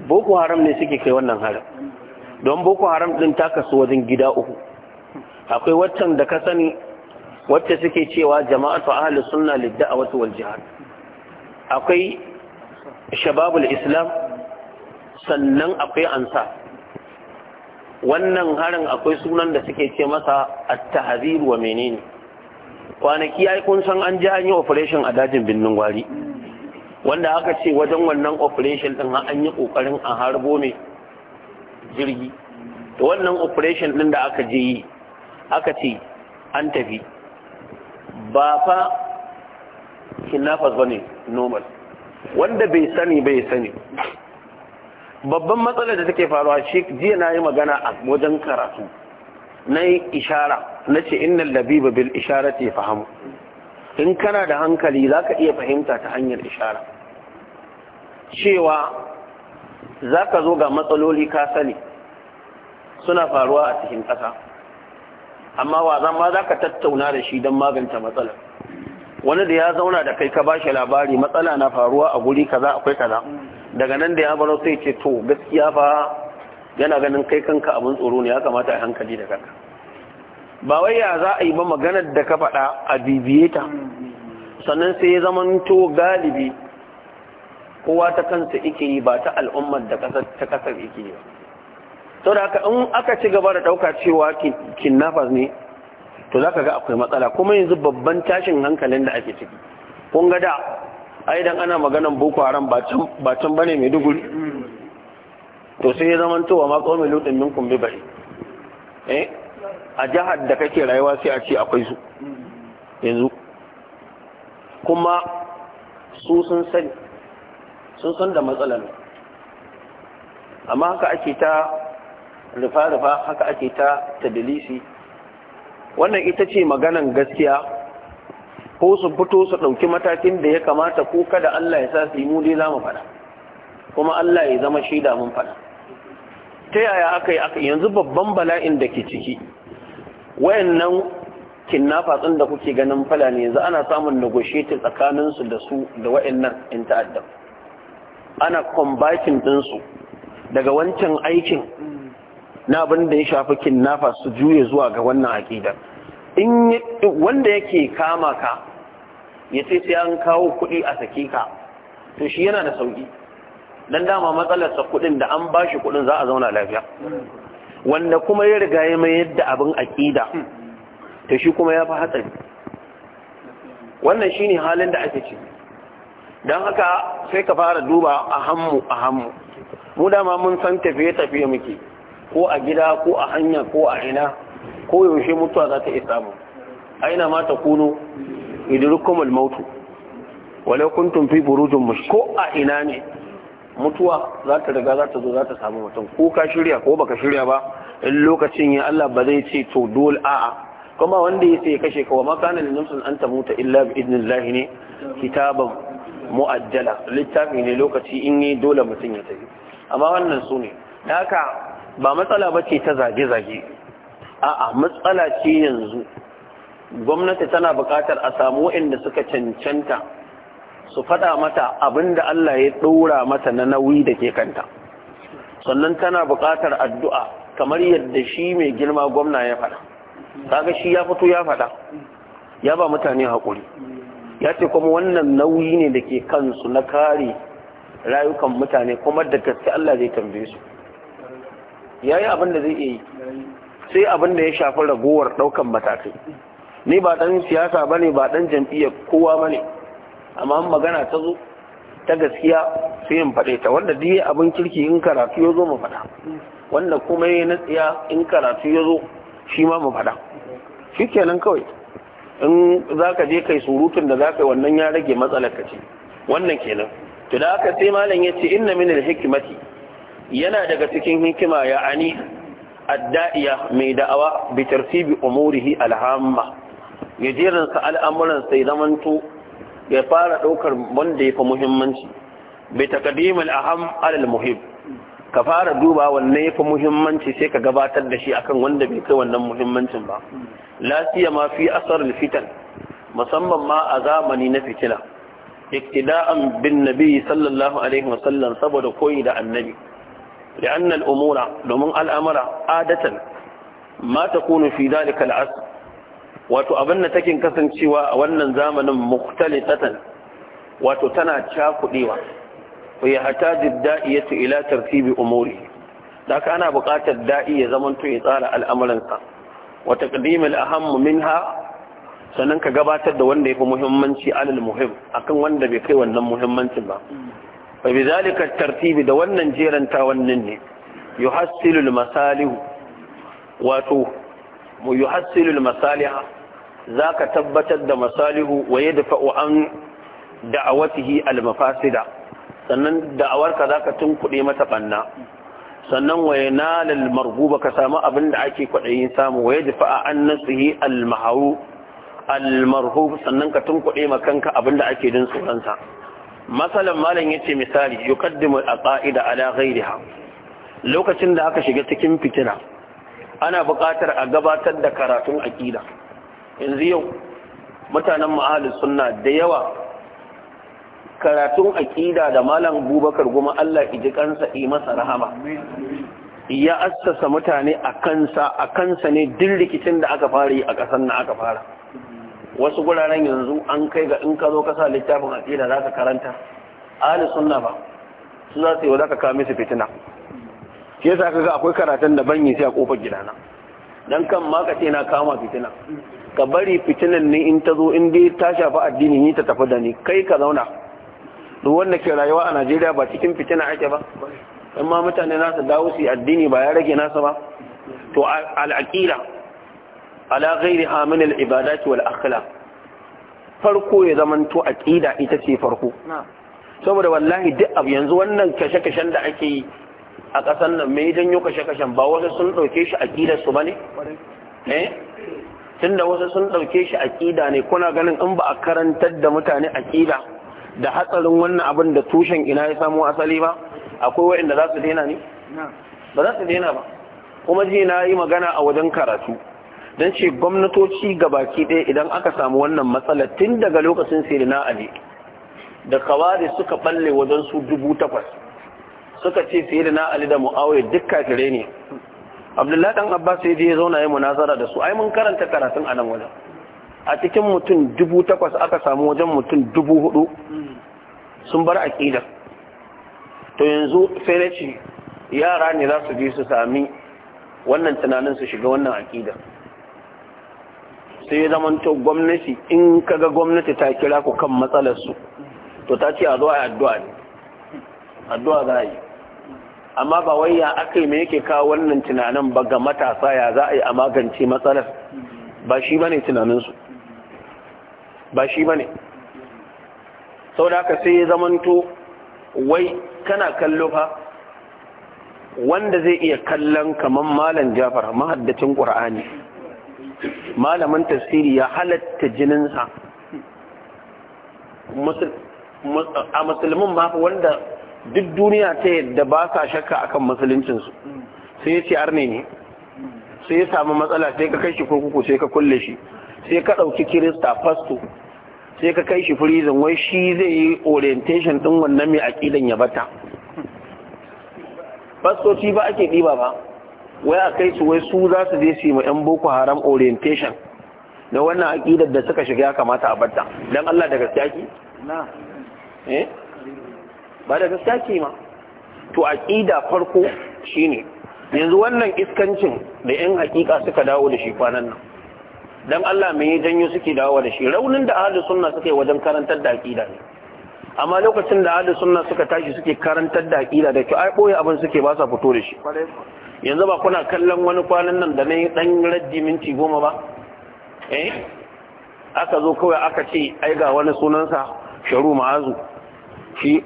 boko haram ne suke kai wannan harin don boko haram ɗin ta kasu wajen gida uku akwai waccan da ka sani wacce suke cewa jama'atu ahli sunna lid da'wati wal jihad akwai shababul islam sannan akwai ansa wannan harin akwai sunan da suke ce masa at-tahzir wa menene kwanaki ai kun san an ji an yi operation a dajin binnin gwari wanda aka ce wajen wannan operation din an yi kokarin a harbo mai jirgi to wannan operation din da aka je yi aka ce an tafi ba fa ba bane normal wanda bai sani bai sani babban matsalar da take faruwa shi jiya na yi magana a wajen karatu na yi ishara na ce innan labiba bil ishara ce fahimu in kana da hankali za ka iya fahimta ta hanyar ishara cewa za ka zo ga matsaloli ka sani suna faruwa a cikin ƙasa amma wa zama za ka tattauna da shi don magance matsalar wani da ya zauna da kai ka ba shi labari matsala na faruwa a guri kaza akwai kaza daga nan da ya baro sai ce to gaskiya fa yana ganin kai kanka abin tsoro ne ya kamata a hankali da kanka ba wai ya za a yi ba maganar da ka faɗa a bibiye ta sannan sai ya zama to galibi kowa ta kansa ike yi ba ta al'ummar da ta kasar ike yi ba sau da haka in aka ci gaba da ɗauka cewa nafas ne to za ka ga akwai matsala kuma yanzu babban tashin hankalin da ake ciki kun ga da ai dan ana maganan boko haram ba can bane mai duguri to sai ya zama towa ma kawai lutin min kumbi bai eh a jihar da kake rayuwa sai a ce akwai su yanzu kuma su sun sani sun san da matsalar amma haka ake ta rufa-rufa haka ake ta tadilisi wannan ita ce maganan gaskiya ko su fito su ɗauki matakin da ya kamata ko kada Allah ya sa su yi mu dai za mu faɗa kuma Allah ya zama shaida mun faɗa ta yaya aka yi aka yanzu babban bala'in da ke ciki wayannan kinnafa da kuke ganin fala ne yanzu ana samun negotiating tsakaninsu da su da wayannan in ta'adda ana combating ɗinsu daga wancan aikin na abin da ya shafi kinnafa su juye zuwa ga wannan aƙidar in wanda yake kama ka ya ce sai an kawo kuɗi a sake ka to shi yana da sauƙi dan dama matsalarsa kuɗin da an ba shi kuɗin za a zauna lafiya wanda kuma ya riga ya mai yadda abin aƙida to shi kuma ya fi hatsari wannan shine halin da ake ce. don haka sai ka fara duba a hammu a hammu mu dama mun san tafiye-tafiye muke ko a gida ko a hanya ko a ina ko yaushe mutuwa za ta iya samu ina ma ta kuno idrukum almautu walau kuntum fi burujin mush ko a ina ne mutuwa za ta riga za ta zo za ta samu mutum ko ka shirya ko baka shirya ba in lokacin ya Allah ba zai ce to dole a'a kuma wanda ya sai kashe ka wa makana kana lin nafsin an muta illa bi idnillahi ne kitaban mu'ajjala littafi ne lokaci in ne dole mutum ya tafi amma wannan su ne haka ba matsala ba ce ta zage-zage a'a matsala ce yanzu gwamnati tana bukatar a samu waɗanda suka cancanta su faɗa mata abinda Allah ya ɗora mata na nauyi da ke kanta sannan tana bukatar addu'a kamar yadda shi mai girma gwamna ya faɗa kaga shi ya fito ya faɗa ya ba mutane haƙuri ya ce kuma wannan nauyi ne da ke kansu na kare rayukan mutane kuma da gaske Allah zai tambaye su ya yi abin da zai iya yi sai abin da ya shafi ragowar ɗaukan matakai ni ba ɗan siyasa ba ne ba ɗan jam'iyyar kowa ba ne amma magana ta zo ta gaskiya sai in faɗe ta wanda duk abin kirki in karatu ya zo mu faɗa wanda kuma ya na tsiya in karatu ya zo shi ma mu faɗa shi kenan kawai in za ka je kai surutun da za ka yi wannan ya rage matsalar ka ce wannan kenan to da aka sai malam ya ce inna min al-hikmati yana daga cikin hikima ya ani adda'iya mai da'awa bi tartibi umurihi alhamma ya sa al'amuran sai zamanto ya fara ɗaukar wanda ya fi muhimmanci bai taqdim al-aham alal muhim ka fara duba wanne ya fi muhimmanci sai ka gabatar da shi akan wanda bai kai wannan muhimmancin ba la ma fi asar fitan musamman ma a zamani na fitina iktida'an bin nabi sallallahu alaihi wasallam saboda koyi da annabi لأن الأمور لمن الأمر عادة ما تكون في ذلك العصر وتؤبن تكن كسن سوى أولا زامن مختلطة وتتنى تشاك ديوة ويحتاج الدائية إلى ترتيب أموره لك أنا بقات الدائية زمن تيطال الأمر انت وتقديم الأهم منها sannan ka gabatar da wanda ya fi muhimmanci alal muhim akan wanda bai kai wannan muhimmancin ba fa bi zalika tartibi da wannan jeranta wannan ne yuhassilu al-masalihu wato mu yuhassilu al-masaliha zaka tabbatar da masalihu wa yadfa'u an da'awatihi al-mafasida sannan da'awarka zaka tunkuɗe mata banna sannan wa yanalal marguba ka samu abin da ake kwaɗayin samu wa yadfa'a an nasihi al-maharu al-marhub sannan ka tunkuɗe kanka abin da ake din tsoron sa masalan malam yace misali yuqaddimu al-aqaida ala ghayriha lokacin da aka shiga cikin fitina ana buƙatar a gabatar da karatun aqida yanzu yau mutanen ma'ahal sunna da yawa karatun aqida da malam Abubakar goma Allah ji kansa yi masa rahama ya assasa mutane a kansa a kansa ne duk rikicin da aka fara yi a ƙasar na aka fara wasu guraren yanzu an kai ga in ka zo kasa littafin aqida za ka karanta ahli sunna ba su za su yi za ka kawo musu fitina sa ka ga akwai karatun da ban yi sai a kofar gidana dan kan ma ka ce na kama fitina ka bari fitinan ne in ta zo in dai ta shafi addini ni ta tafi da ni kai ka zauna duk wanda ke rayuwa a Najeriya ba cikin fitina ake ba in ma mutane nasu dawo su addini ba ya rage nasa ba to al-aqida ala ghairi amin al-ibadati wal akhla farko ya zamanto aqida ita ce farko saboda wallahi duk abu yanzu wannan kashe-kashen da ake yi a ƙasar nan mai janyo kashe-kashen ba wasu sun ɗauke shi aqidar su bane eh tunda wasu sun ɗauke shi aqida ne kuna ganin in ba a karantar da mutane aqida da hatsarin wannan abin da tushen ina ya samo asali ba akwai waɗanda za su daina ne ba za su daina ba kuma ji na yi magana a wajen karatu don ce gwamnatoci ga baki ɗaya idan aka samu wannan matsala tun daga lokacin na ali da kawari suka balle wajen su dubu takwas suka ce na ali da mu'awai duk kafire ne abdullahi ɗan abbas sai ya zauna yi munazara da su ai mun karanta karatun anan wajen a cikin mutum dubu takwas aka samu wajen mutum dubu hudu sun bar aƙida to yanzu sai na ce yara ne za su je su sami wannan tunanin su shiga wannan aƙida sai ya to gwamnati in kaga gwamnati ta kira ku kan matsalarsu to ta ce a zo a addu'a ne addu'a za a yi amma ba wai ya aka yi yake kawo wannan tunanin ba ga matasa ya za a yi a magance matsalar ba shi ba ne tunaninsu ba shi ba ne sau da aka sai ya to wai kana kallo fa wanda zai iya kallon kamar malam jafar mahaddacin ƙur'ani malamin tasiri ya halatta sa. a musulmin ba wanda duk duniya ta yadda ba sa shakka akan musuluncinsu sai ya ce arne ne sai ya samu matsala sai ka kai shi kurkuku sai ka kulle shi sai ka ɗauki kirista fasto sai ka kai shi firizin wai shi zai yi orientation ɗin wannan mai aƙidan ya bata fastoci ba ake ɗiba ba wai a kai su wai su za su je su yi ma boko haram orientation na wannan aƙidar da suka shiga ya kamata a batta don Allah da gaskiya ki? na eh ba da gaskiya ki ma to aƙida farko shi ne, yanzu wannan iskancin da 'yan haƙiƙa suka dawo da shi kwanan nan don Allah mai yi janyo suke dawo da shi raunin da suna sunna suke wajen karantar da aƙida ne amma lokacin da ahlus sunna suka tashi suke karantar da aƙida da ki ai ɓoye abin suke ba sa fito da shi yanzu ba kuna kallon wani kwanan nan da na yi ɗan raddi minti goma ba eh aka zo kawai aka ce ai ga wani sunansa sharu ma'azu shi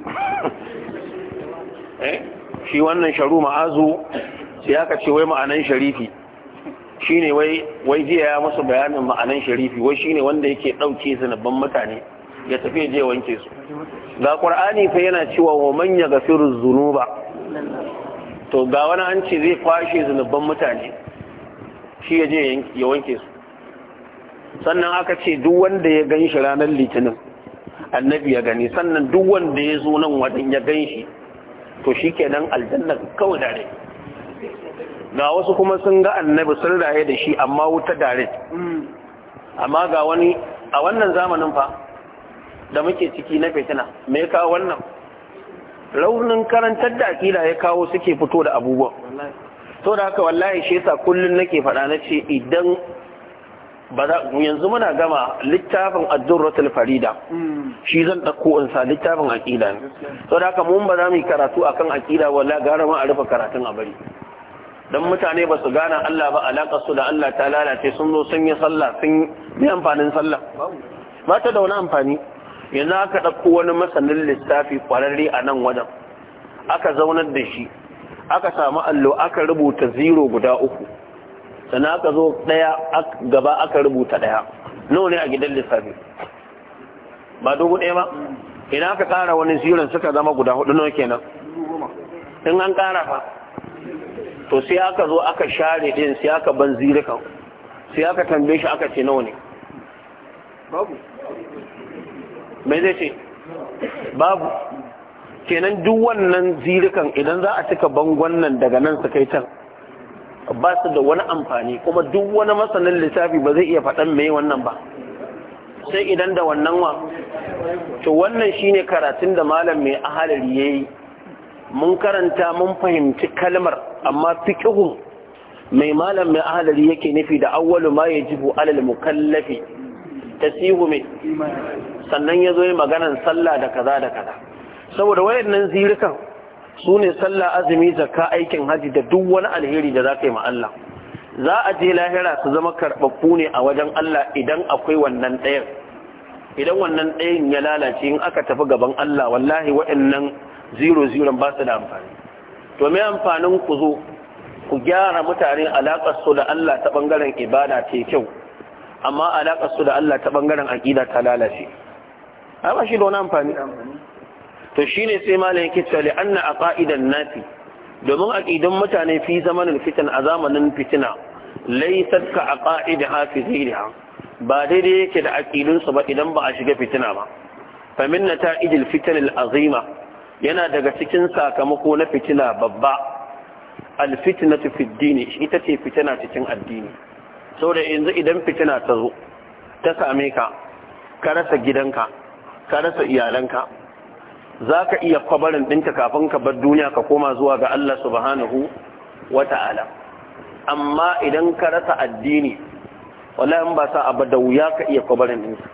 (laughs) eh shi wannan sharu ma'azu sai aka ce wai ma'anan sharifi Shi ne wai jiya ya masu bayanin ma'anan sharifi wai shi ne wanda yake ɗauke zanabban mutane ya tafi je wanke su ga ƙwar'ani fa yana cewa wa man yaghfiru zunuba. to ga wani an ce zai kwashe zunubban mutane shi ya je ya wanke su sannan aka ce duk wanda ya gan shi ranar litinin annabi ya gani sannan duk wanda ya zo nan wajen ya gan shi to shi kenan aljanna kawai dare ga wasu kuma sun ga annabi sun raye da shi amma wuta dare amma ga wani a wannan zamanin fa da muke ciki na fitina me ka wannan raunin karantar da aƙida ya kawo suke fito da abubuwan to da haka wallahi shi yasa kullun nake faɗa na ce idan yanzu muna gama littafin addurratul farida hmm. shi zan ɗauko in sa littafin aƙida ne to da haka mun ba za mu yi karatu akan aƙida walla gara ma a rufe karatun a bari dan mutane ba su gana Allah ba alaƙar su da Allah ta lalace sun zo sun yi sallah sun yi amfanin sallah ba ta da wani amfani yanzu aka ɗauko wani masanin lissafi kwararre a nan wajen aka zaunar da shi aka samu allo aka rubuta zero guda uku sannan aka zo ɗaya gaba aka rubuta ɗaya nawa ne a gidan lissafi ba dubu ɗaya ba idan aka ƙara wani ziron suka zama guda hudu nawa kenan in an ƙara fa to sai aka zo aka share din sai aka ban zirikan sai aka tambaye shi aka ce nawa ne babu mai zai ce babu kenan duk wannan zirikan idan za a cika bangon nan daga nan su kai can ba su da wani amfani kuma duk wani masanin lissafi ba zai iya faɗan mai wannan ba sai idan da wannan wa to wannan shine karatun da malam mai ahalari yi, mun karanta mun fahimci kalmar amma fiqhun mai malam mai ahalari yake nufi da awwalu ma yajibu alal mukallafi tasihu mai sannan ya zo yi maganan sallah da kaza da kaza saboda wayannan zirikan su ne sallah azumi zakka aikin haji da duk wani alheri da za ka yi ma Allah za a je lahira su zama karɓaɓɓu ne a wajen Allah idan akwai wannan ɗayan idan wannan ɗayan ya lalace in aka tafi gaban Allah wallahi waɗannan zero zero ba su da amfani to me amfanin ku zo ku gyara mutane alaƙar su da Allah ta ɓangaren ibada ce kyau amma alaƙar su da Allah ta ɓangaren aƙida ta lalace a ba shi da wani amfani to ne sai malam yake cewa li anna aqaidan nasi domin aqidan mutane fi zamanin fitan a zamanin fitina laysat ka aqaid hafizina ba daidai yake da aqidun su ba idan ba a shiga fitina ba fa min nata'ijil fitan al-azima yana daga cikin sakamako na fitina babba al-fitnatu fi ita ce fitina cikin addini saboda yanzu idan fitina ta zo ta same ka ka rasa gidanka ka rasa iyalanka za ka iya kwabarin ɗinka kafin ka bar duniya ka koma zuwa ga Allah subhanahu wa ta'ala amma idan ka rasa addini wallahi ba sa abu da wuya ka iya kwabarin ɗinka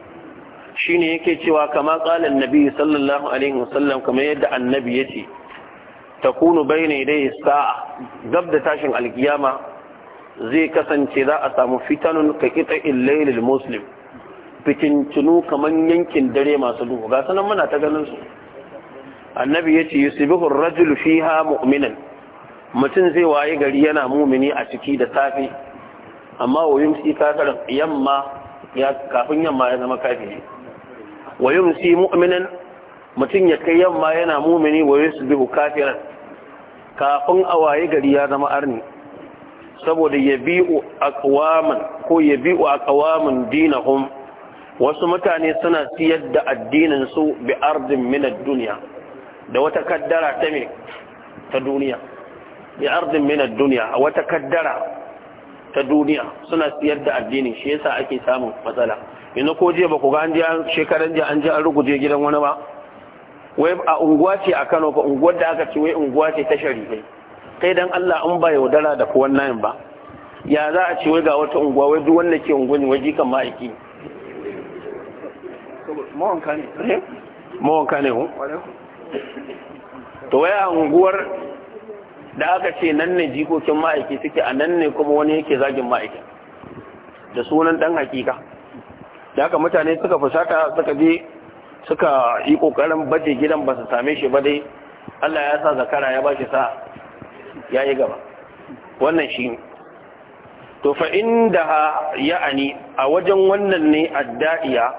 shine yake cewa kama qala Nabiyu sallallahu alaihi wasallam kamar yadda annabi yace takunu bayna dai sa'a gab da tashin alkiyama zai kasance za a samu fitanun ka qita'il laylil muslim fitintunu kamar yankin dare masu duhu ga sanan muna ta ganin su annabi ya ce yusubihu rajul fiha mu'minan mutum zai waye gari yana mumini a ciki da safe amma wa yumsi kafirin yamma ya kafin yamma ya zama kafiri wa yumsi mu'minan mutum ya kai yamma yana mumini wa yusbihu kafiran kafin a waye gari ya zama arni saboda yabi'u aqwaman ko yabi'u aqwaman dinahum wasu mutane suna siyar da addinin su bi ardin minad duniya da wata kaddara ta me ta duniya bi ardin minad duniya a wata kaddara ta duniya suna siyar da addini shi yasa ake samun matsala ina ko jiya ba ku ga an je shekaran jiya an je an ruguje gidan wani ba wai a unguwa ce a Kano ba unguwar da aka ce wai unguwa ce ta shari'ai kai dan Allah an ba yaudara da kuwan nayin ba ya za a ce wai ga wata unguwa wai duk wanda ke unguwa ne waje kan ma'aiki mawanka ne eh? to waya unguwar da aka ce nan ne jikokin ma'aiki suke a nan ne kuma wani yake zagin ma'aiki da sunan dan hakika da aka mutane suka fusata suka bi suka yi kokarin baje gidan ba su same shi ba dai Allah ya sa zakara ya ba shi sa ya yi gaba wannan shi ne to fa inda ya'ani a wajen wannan ne adda'iya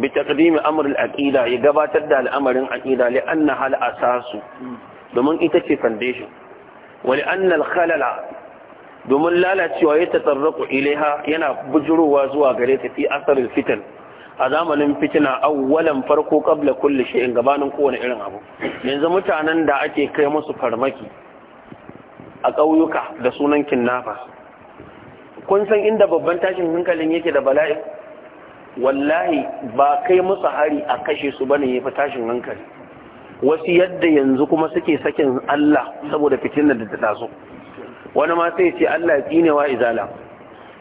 bi taqdimi amr al-aqida ya gabatar da al'amarin aqida li anna hal asasu domin ita ce foundation wa li anna al-khalala domin lalacewa ya tatarraku ilaiha yana bujurowa zuwa gare ta fi asar fitan a zamanin fitina awwalan farko kabla kulli shay'in gabanin kowane irin abu yanzu mutanen da ake kai musu farmaki a ƙauyuka da sunan kinnafa kun san inda babban tashin hankalin yake da bala'i wallahi ba kai musu hari a kashe su bane ya fi tashin hankali wasu yadda yanzu kuma suke sakin Allah saboda fitinar da ta taso wani ma sai ce Allah ya tsinewa izala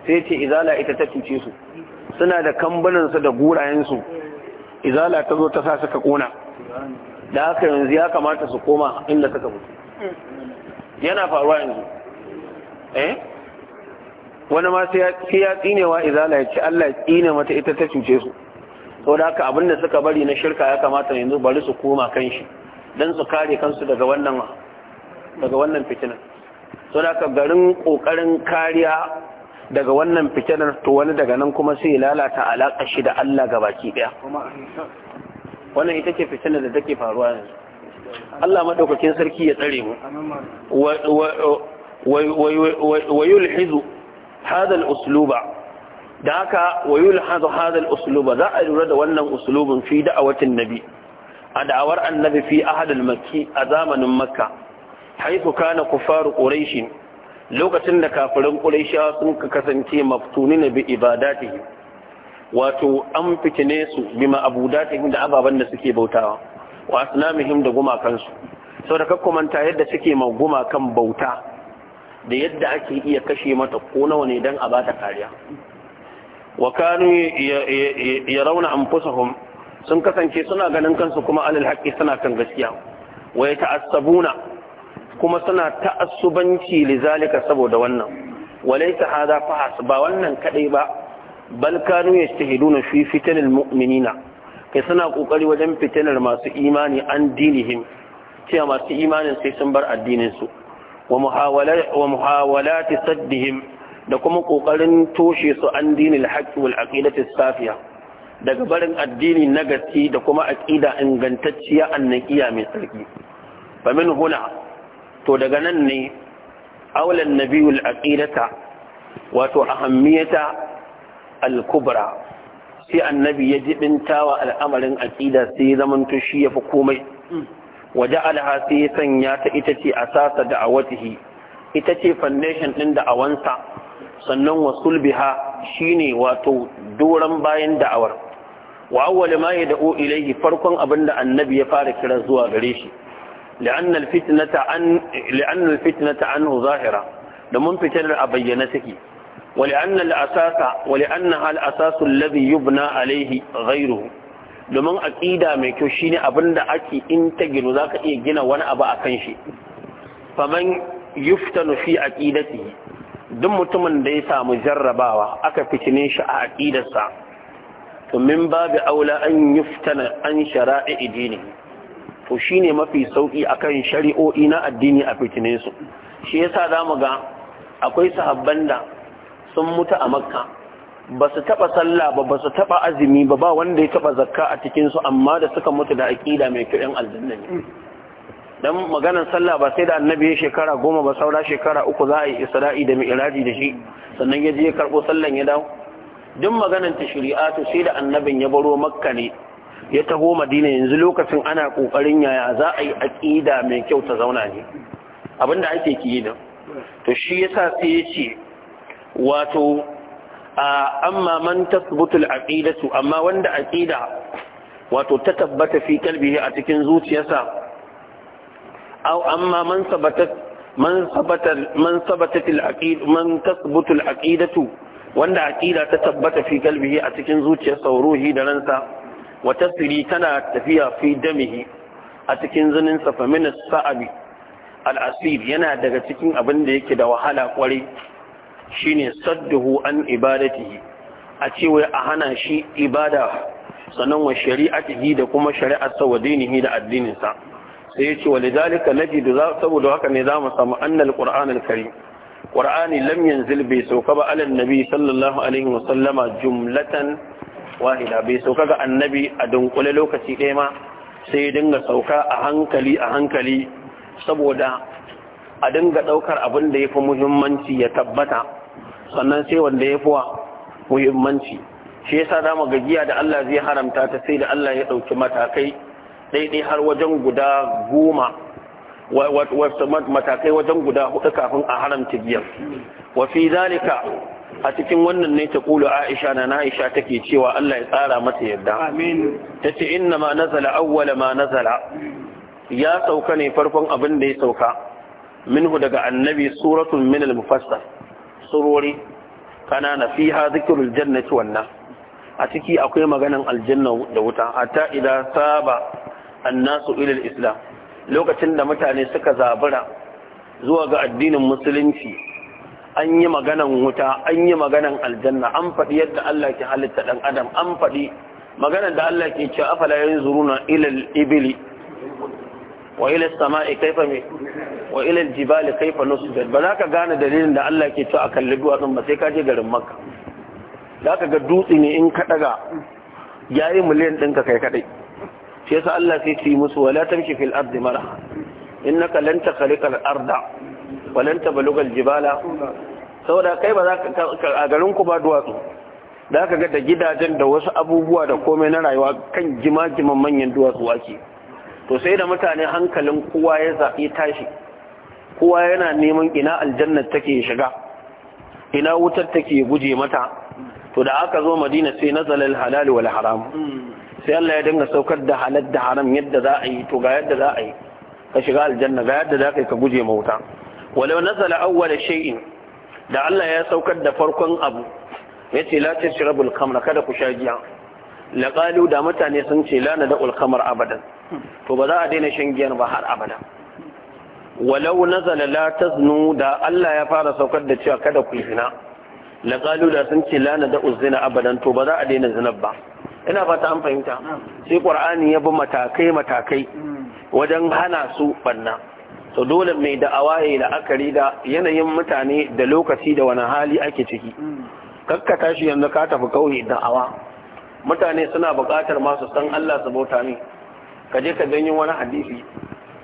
sai ce izala ita ta cuce su suna da su da gurayensu izala ta zo ta sa suka kona da haka yanzu ya kamata su koma inda suka mutu yana faruwa yanzu eh wani ma sai ya tsinewa izala ya ce Allah ya tsine mata ita ta cuce su Sau da abin abinda suka bari na shirka ya kamata yanzu bari su koma kan shi don su kare kansu daga wannan daga wannan fitinar saboda garin kokarin kariya daga wannan fitinar to wani daga nan kuma sai lalata alaƙa shi da Allah baki daya wannan ita ce fitinar da take faruwa yanzu Allah madaukakin sarki ya tsare mu wa yulhizu Hazal usluba da haka wa yulhazu hazal usluba za a lura da wannan uslubin fi da'awatin nabi a da'awar annabi fi ahadal makki a zamanin makka haifu kana kufaru quraish lokacin da kafirin quraisha sun kasance maftunina bi ibadatihi wato an fitine su bima abudatihim da ababan da suke bautawa wa asnamihim da gumakansu sau da kakkumanta yadda suke ma gumakan bauta da yadda ake iya kashe mata ko nawa ne don a ba ta kariya wa kanu ya rauna sun kasance suna ganin kansu kuma alal haƙƙi suna kan gaskiya wa ya ta'assabuna kuma suna ta'assubanci lizalika saboda wannan walaysa hadha fahas ba wannan kadai ba bal kanu yastahiduna fi fitanil mu'minina kai suna kokari wajen fitanar masu imani an dinihim cewa masu imanin sai sun bar addinin su wa muhawalati saddihim da kuma ƙoƙarin toshe su an dinil haqqi wal safiya daga barin addini na gaske da kuma aƙida ingantacciya annaqiya mai tsarki fa min huna to daga nan ne aula annabiyul aqidata wato ahammiyata al-kubra sai annabi ya ji jibinta wa al'amarin aƙida sai zaman to shi yafi komai waje alha sai ya sanya ta ita ce asasa da'awatihi ita ce foundation din da'awansa sannan wa sulbiha shine wato doron bayan da'awar wa awwal ma yad'u ilaihi farkon abinda annabi ya fara kira zuwa gare shi لأن الفتنة عن لأن الفتنة عنه ظاهرة لمن فتنة أبينة تكي ولأن الأساس ولأنها الأساس الذي يبنى عليه غيره domin aƙida mai kyau shine abin da ake in ta gino za ka iya gina wani abu a kan shi faman yuftanu fi aqidati duk mutumin da ya samu jarrabawa aka fitine shi a aqidarsa to min babu aula an yuftana an shara'i dini to shine mafi sauki akan shari'o'i na addini a fitine su shi yasa zamu ga akwai sahabban da sun mutu a makka ba su taɓa sallah ba ba su taɓa azumi ba ba wanda ya taba zakka a cikin su amma da suka mutu da aqida mai kyau aljanna ne dan maganar sallah ba sai da annabi ya shekara goma ba saura shekara uku za a yi isra'i da mi'raji da shi sannan ya je ya karɓo sallan ya dawo duk maganar ta shari'atu sai da annabin ya baro makka ne ya taho madina yanzu lokacin ana kokarin yaya za a yi aƙida mai kyau ta zauna ne abinda ake kiyi da to shi yasa sai ya ce wato amma man tasbutul aqidatu amma wanda aqida wato ta tabbata fi kalbihi a cikin zuciyarsa aw amma man man sabata man sabatatil aqid man tasbutul aqidatu wanda aqida ta tabbata fi kalbihi a cikin zuciyarsa ruhi da ransa wa tana tafiya fi damihi a cikin zininsa fa min saabi al-asir yana daga cikin abin da yake da wahala kwarai shine sadduhu an ibadatihi a cewa a hana shi ibada sannan wa shari'atihi da kuma shari'arsa wa dinihi da addininsa sai yace walidalika najidu saboda haka ne zamu samu annal qur'anul karim qur'ani lam yanzil bi sauka ba ala nabi sallallahu alaihi wa sallama jumlatan wahida bai sauka ga annabi a dunkule lokaci ɗaya ma sai ya dinga sauka a hankali a hankali saboda a dinga ɗaukar abin da ya fi muhimmanci ya tabbata sannan sai wanda ya fi muhimmanci shi yasa da ga giya da Allah zai haramta ta sai da Allah ya ɗauki matakai ɗaiɗai har wajen guda goma matakai wajen guda hudu kafin a haramta biyar. wa fi zalika a cikin wannan ne ta kulu aisha na aisha take cewa Allah ya tsara mata yadda ta ce inna ma nazala awwala ma nazala ya sauka ne farkon abin da ya sauka minhu daga annabi suratun min al-mufassal surori kanana fiha dhikrul jannati wan nar a ciki akwai maganan aljanna da wuta hatta idza saba annasu ila islam lokacin da mutane suka zabura zuwa ga addinin musulunci an yi maganan wuta an yi maganan aljanna an faɗi yadda Allah ke halitta ɗan adam an faɗi maganan da Allah ke ce afala yanzuruna ila al-ibli wa ila sama'i kaifa me wa ila jibali kaifa nusibat ba za ka gane dalilin da Allah ke cewa a kalli duwatsun ba sai ka je garin makka za ka ga dutse ne in ka daga yi miliyan ɗinka kai kaɗai. shi yasa Allah sai ce musu wala tamshi fil mara. In innaka lan takhliqal arda wa lan tablughal jibala saboda kai ba za ka a garin ku ba duwatsu Za ka ga da gidajen da wasu abubuwa da komai na rayuwa kan jima-jiman manyan duwatsu ake to sai da mutane hankalin kowa ya zaɓi tashi kowa yana neman ina aljannar take shiga ina wutar take guje mata to da aka zo madina sai nazalal halal wal haram sai Allah ya dinga saukar da halal da haram yadda za a yi to ga yadda za a yi ka shiga aljanna ga yadda za ka ka guje ma wuta walau nazala awwal shay'in da Allah ya saukar da farkon abu yace la tashrabul khamra kada ku sha giya laqalu da mutane sun ce la nadul khamar abadan to ba za a daina shan giyar ba har abada walau nazala la taznu da Allah ya fara saukar da cewa kada ku zina la qalu da sun ce la nada uzina abadan to ba za a daina zina ba ina fata an fahimta sai qur'ani ya bi matakai matakai wajen hana su banna to dole mai da'awa ya la'akari da yanayin mutane da lokaci da wani hali ake ciki kakka tashi yanzu ka tafi kauye da'awa mutane suna buƙatar masu san Allah su bauta ne ka je ka janyo wani hadisi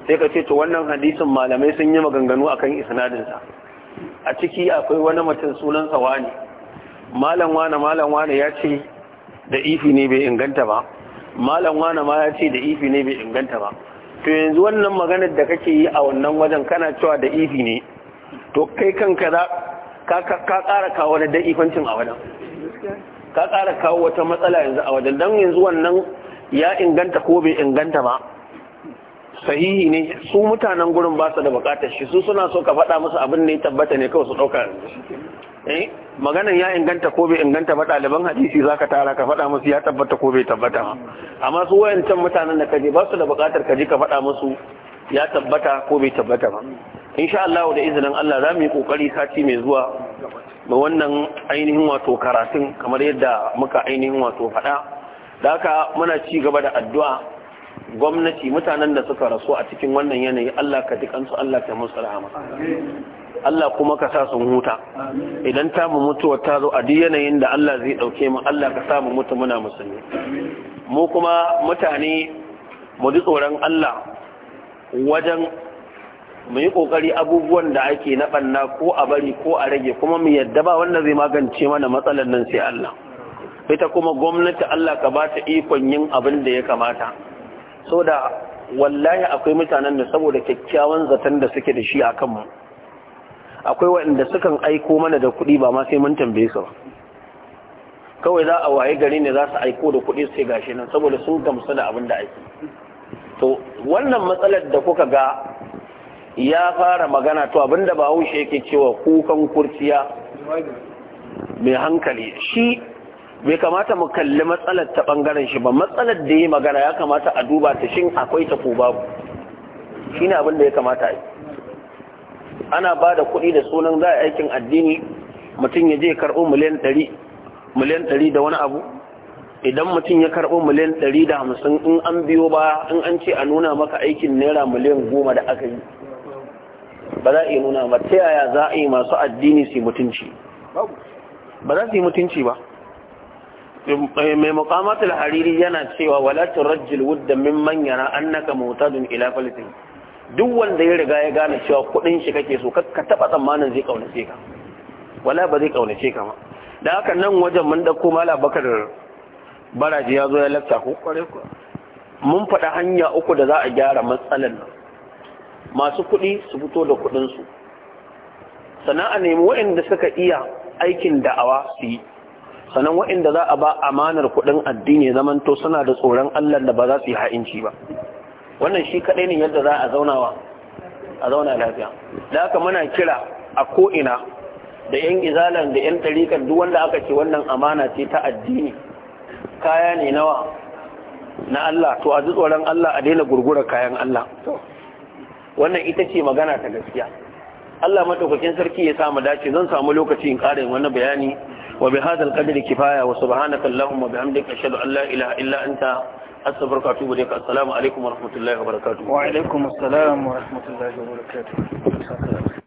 sai ka ce to wannan hadisin malamai sun yi maganganu akan isnadinsa a ciki akwai wani mutum sunan wani malam wani malam wani ya ce da ifi ne bai inganta ba malam wani ma ya ce da ifi ne bai inganta ba to yanzu wannan maganar da kake yi a wannan wajen kana cewa da ifi ne to kai kanka za ka ƙara kawo da da'ifancin a wajen ka ƙara kawo wata matsala yanzu a wajen don yanzu wannan ya inganta ko bai inganta ba sahihi ne su mutanen gurin ba su da bukatar shi su suna so ka faɗa musu abin ne tabbata ne kawai su ɗauka eh maganan ya inganta ko bai inganta ba ɗaliban hadisi za ka tara ka faɗa musu ya tabbata ko bai tabbata ba amma su wayancan mutanen da kaje ba su da bukatar kaje ka faɗa musu ya tabbata ko bai tabbata ba insha Allah da izinin Allah za mu yi kokari sati mai zuwa ba wannan ainihin wato karatun kamar yadda muka ainihin wato faɗa da haka muna ci gaba da addu'a gwamnati mutanen da suka rasu a cikin wannan yanayi Allah ka kansu Allah ka musu rahama Allah kuma ka sa sun huta idan ta mu mutuwa ta zo a duk yanayin da Allah zai dauke mu Allah ka sa mu mutu muna musulmi mu kuma mutane mu ji tsoron Allah wajen mu yi kokari abubuwan da ake na banna ko a bari ko a rage kuma mu yadda ba wanda zai magance mana matsalar nan sai Allah ita kuma gwamnati Allah ka ba ta ikon yin abin da ya kamata so da wallahi akwai mutanen da saboda kyakkyawan zaton da suke da shi a kanmu akwai waɗanda sukan aiko mana da kuɗi ba ma sai mun tambaye su kawai za a waye gari ne za su aiko da kuɗi sai gashi nan saboda sun gamsu da abin da aiki to wannan matsalar da kuka ga ya fara magana to da ba haushe yake cewa kukan kurciya mai hankali shi bai kamata mu kalli matsalar ta bangaren shi ba matsalar da yi magana ya kamata a duba ta shin akwai ta ko babu ne abin da ya kamata yi ana ba da kuɗi da sunan za a aikin addini mutum ya je karɓo miliyan ɗari miliyan ɗari da wani abu idan mutum ya karɓo miliyan ɗari da hamsin in an biyo ba in an ce a nuna maka aikin naira miliyan goma da aka yi ba za a iya nuna ba ta yaya za a yi masu addini su mutunci ba za su yi mutunci ba mai muqamatul hariri yana cewa wala turajjil wudda mimman yara annaka mutadun ila falsin duk wanda ya riga ya gane cewa kudin shi kake so ka taba tsammanin zai kaunace ka wala ba zai kaunace ka ma da haka nan wajen mun dauko mala bakar baraji ya zo ya lafta ko kware ko mun faɗa hanya uku da za a gyara matsalar nan masu kuɗi su fito da kuɗinsu sana'a nemi waɗanda suka iya aikin da'awa su yi sannan waɗanda za a ba amanar kuɗin addini zaman to suna da tsoron Allah da ba za su yi ha'inci ba wannan shi kaɗai ne yadda za a wa a zauna lafiya da haka muna kira a ko'ina da yan izalan da yan ɗarikan duk wanda aka ce wannan amana ce ta addini kaya ne nawa na Allah to a ji tsoron Allah a daina gurgura kayan Allah wannan ita ce magana ta gaskiya Allah madaukakin sarki ya samu dace zan samu lokaci in ƙara wani bayani wa bi hadal qadri kifaya wa subhanaka allahumma bihamdika ashhadu an la ilaha illa anta astaghfiruka wa atubu ilaik assalamu alaikum wa rahmatullahi wa barakatuh wa alaikum assalam wa rahmatullahi wa barakatuh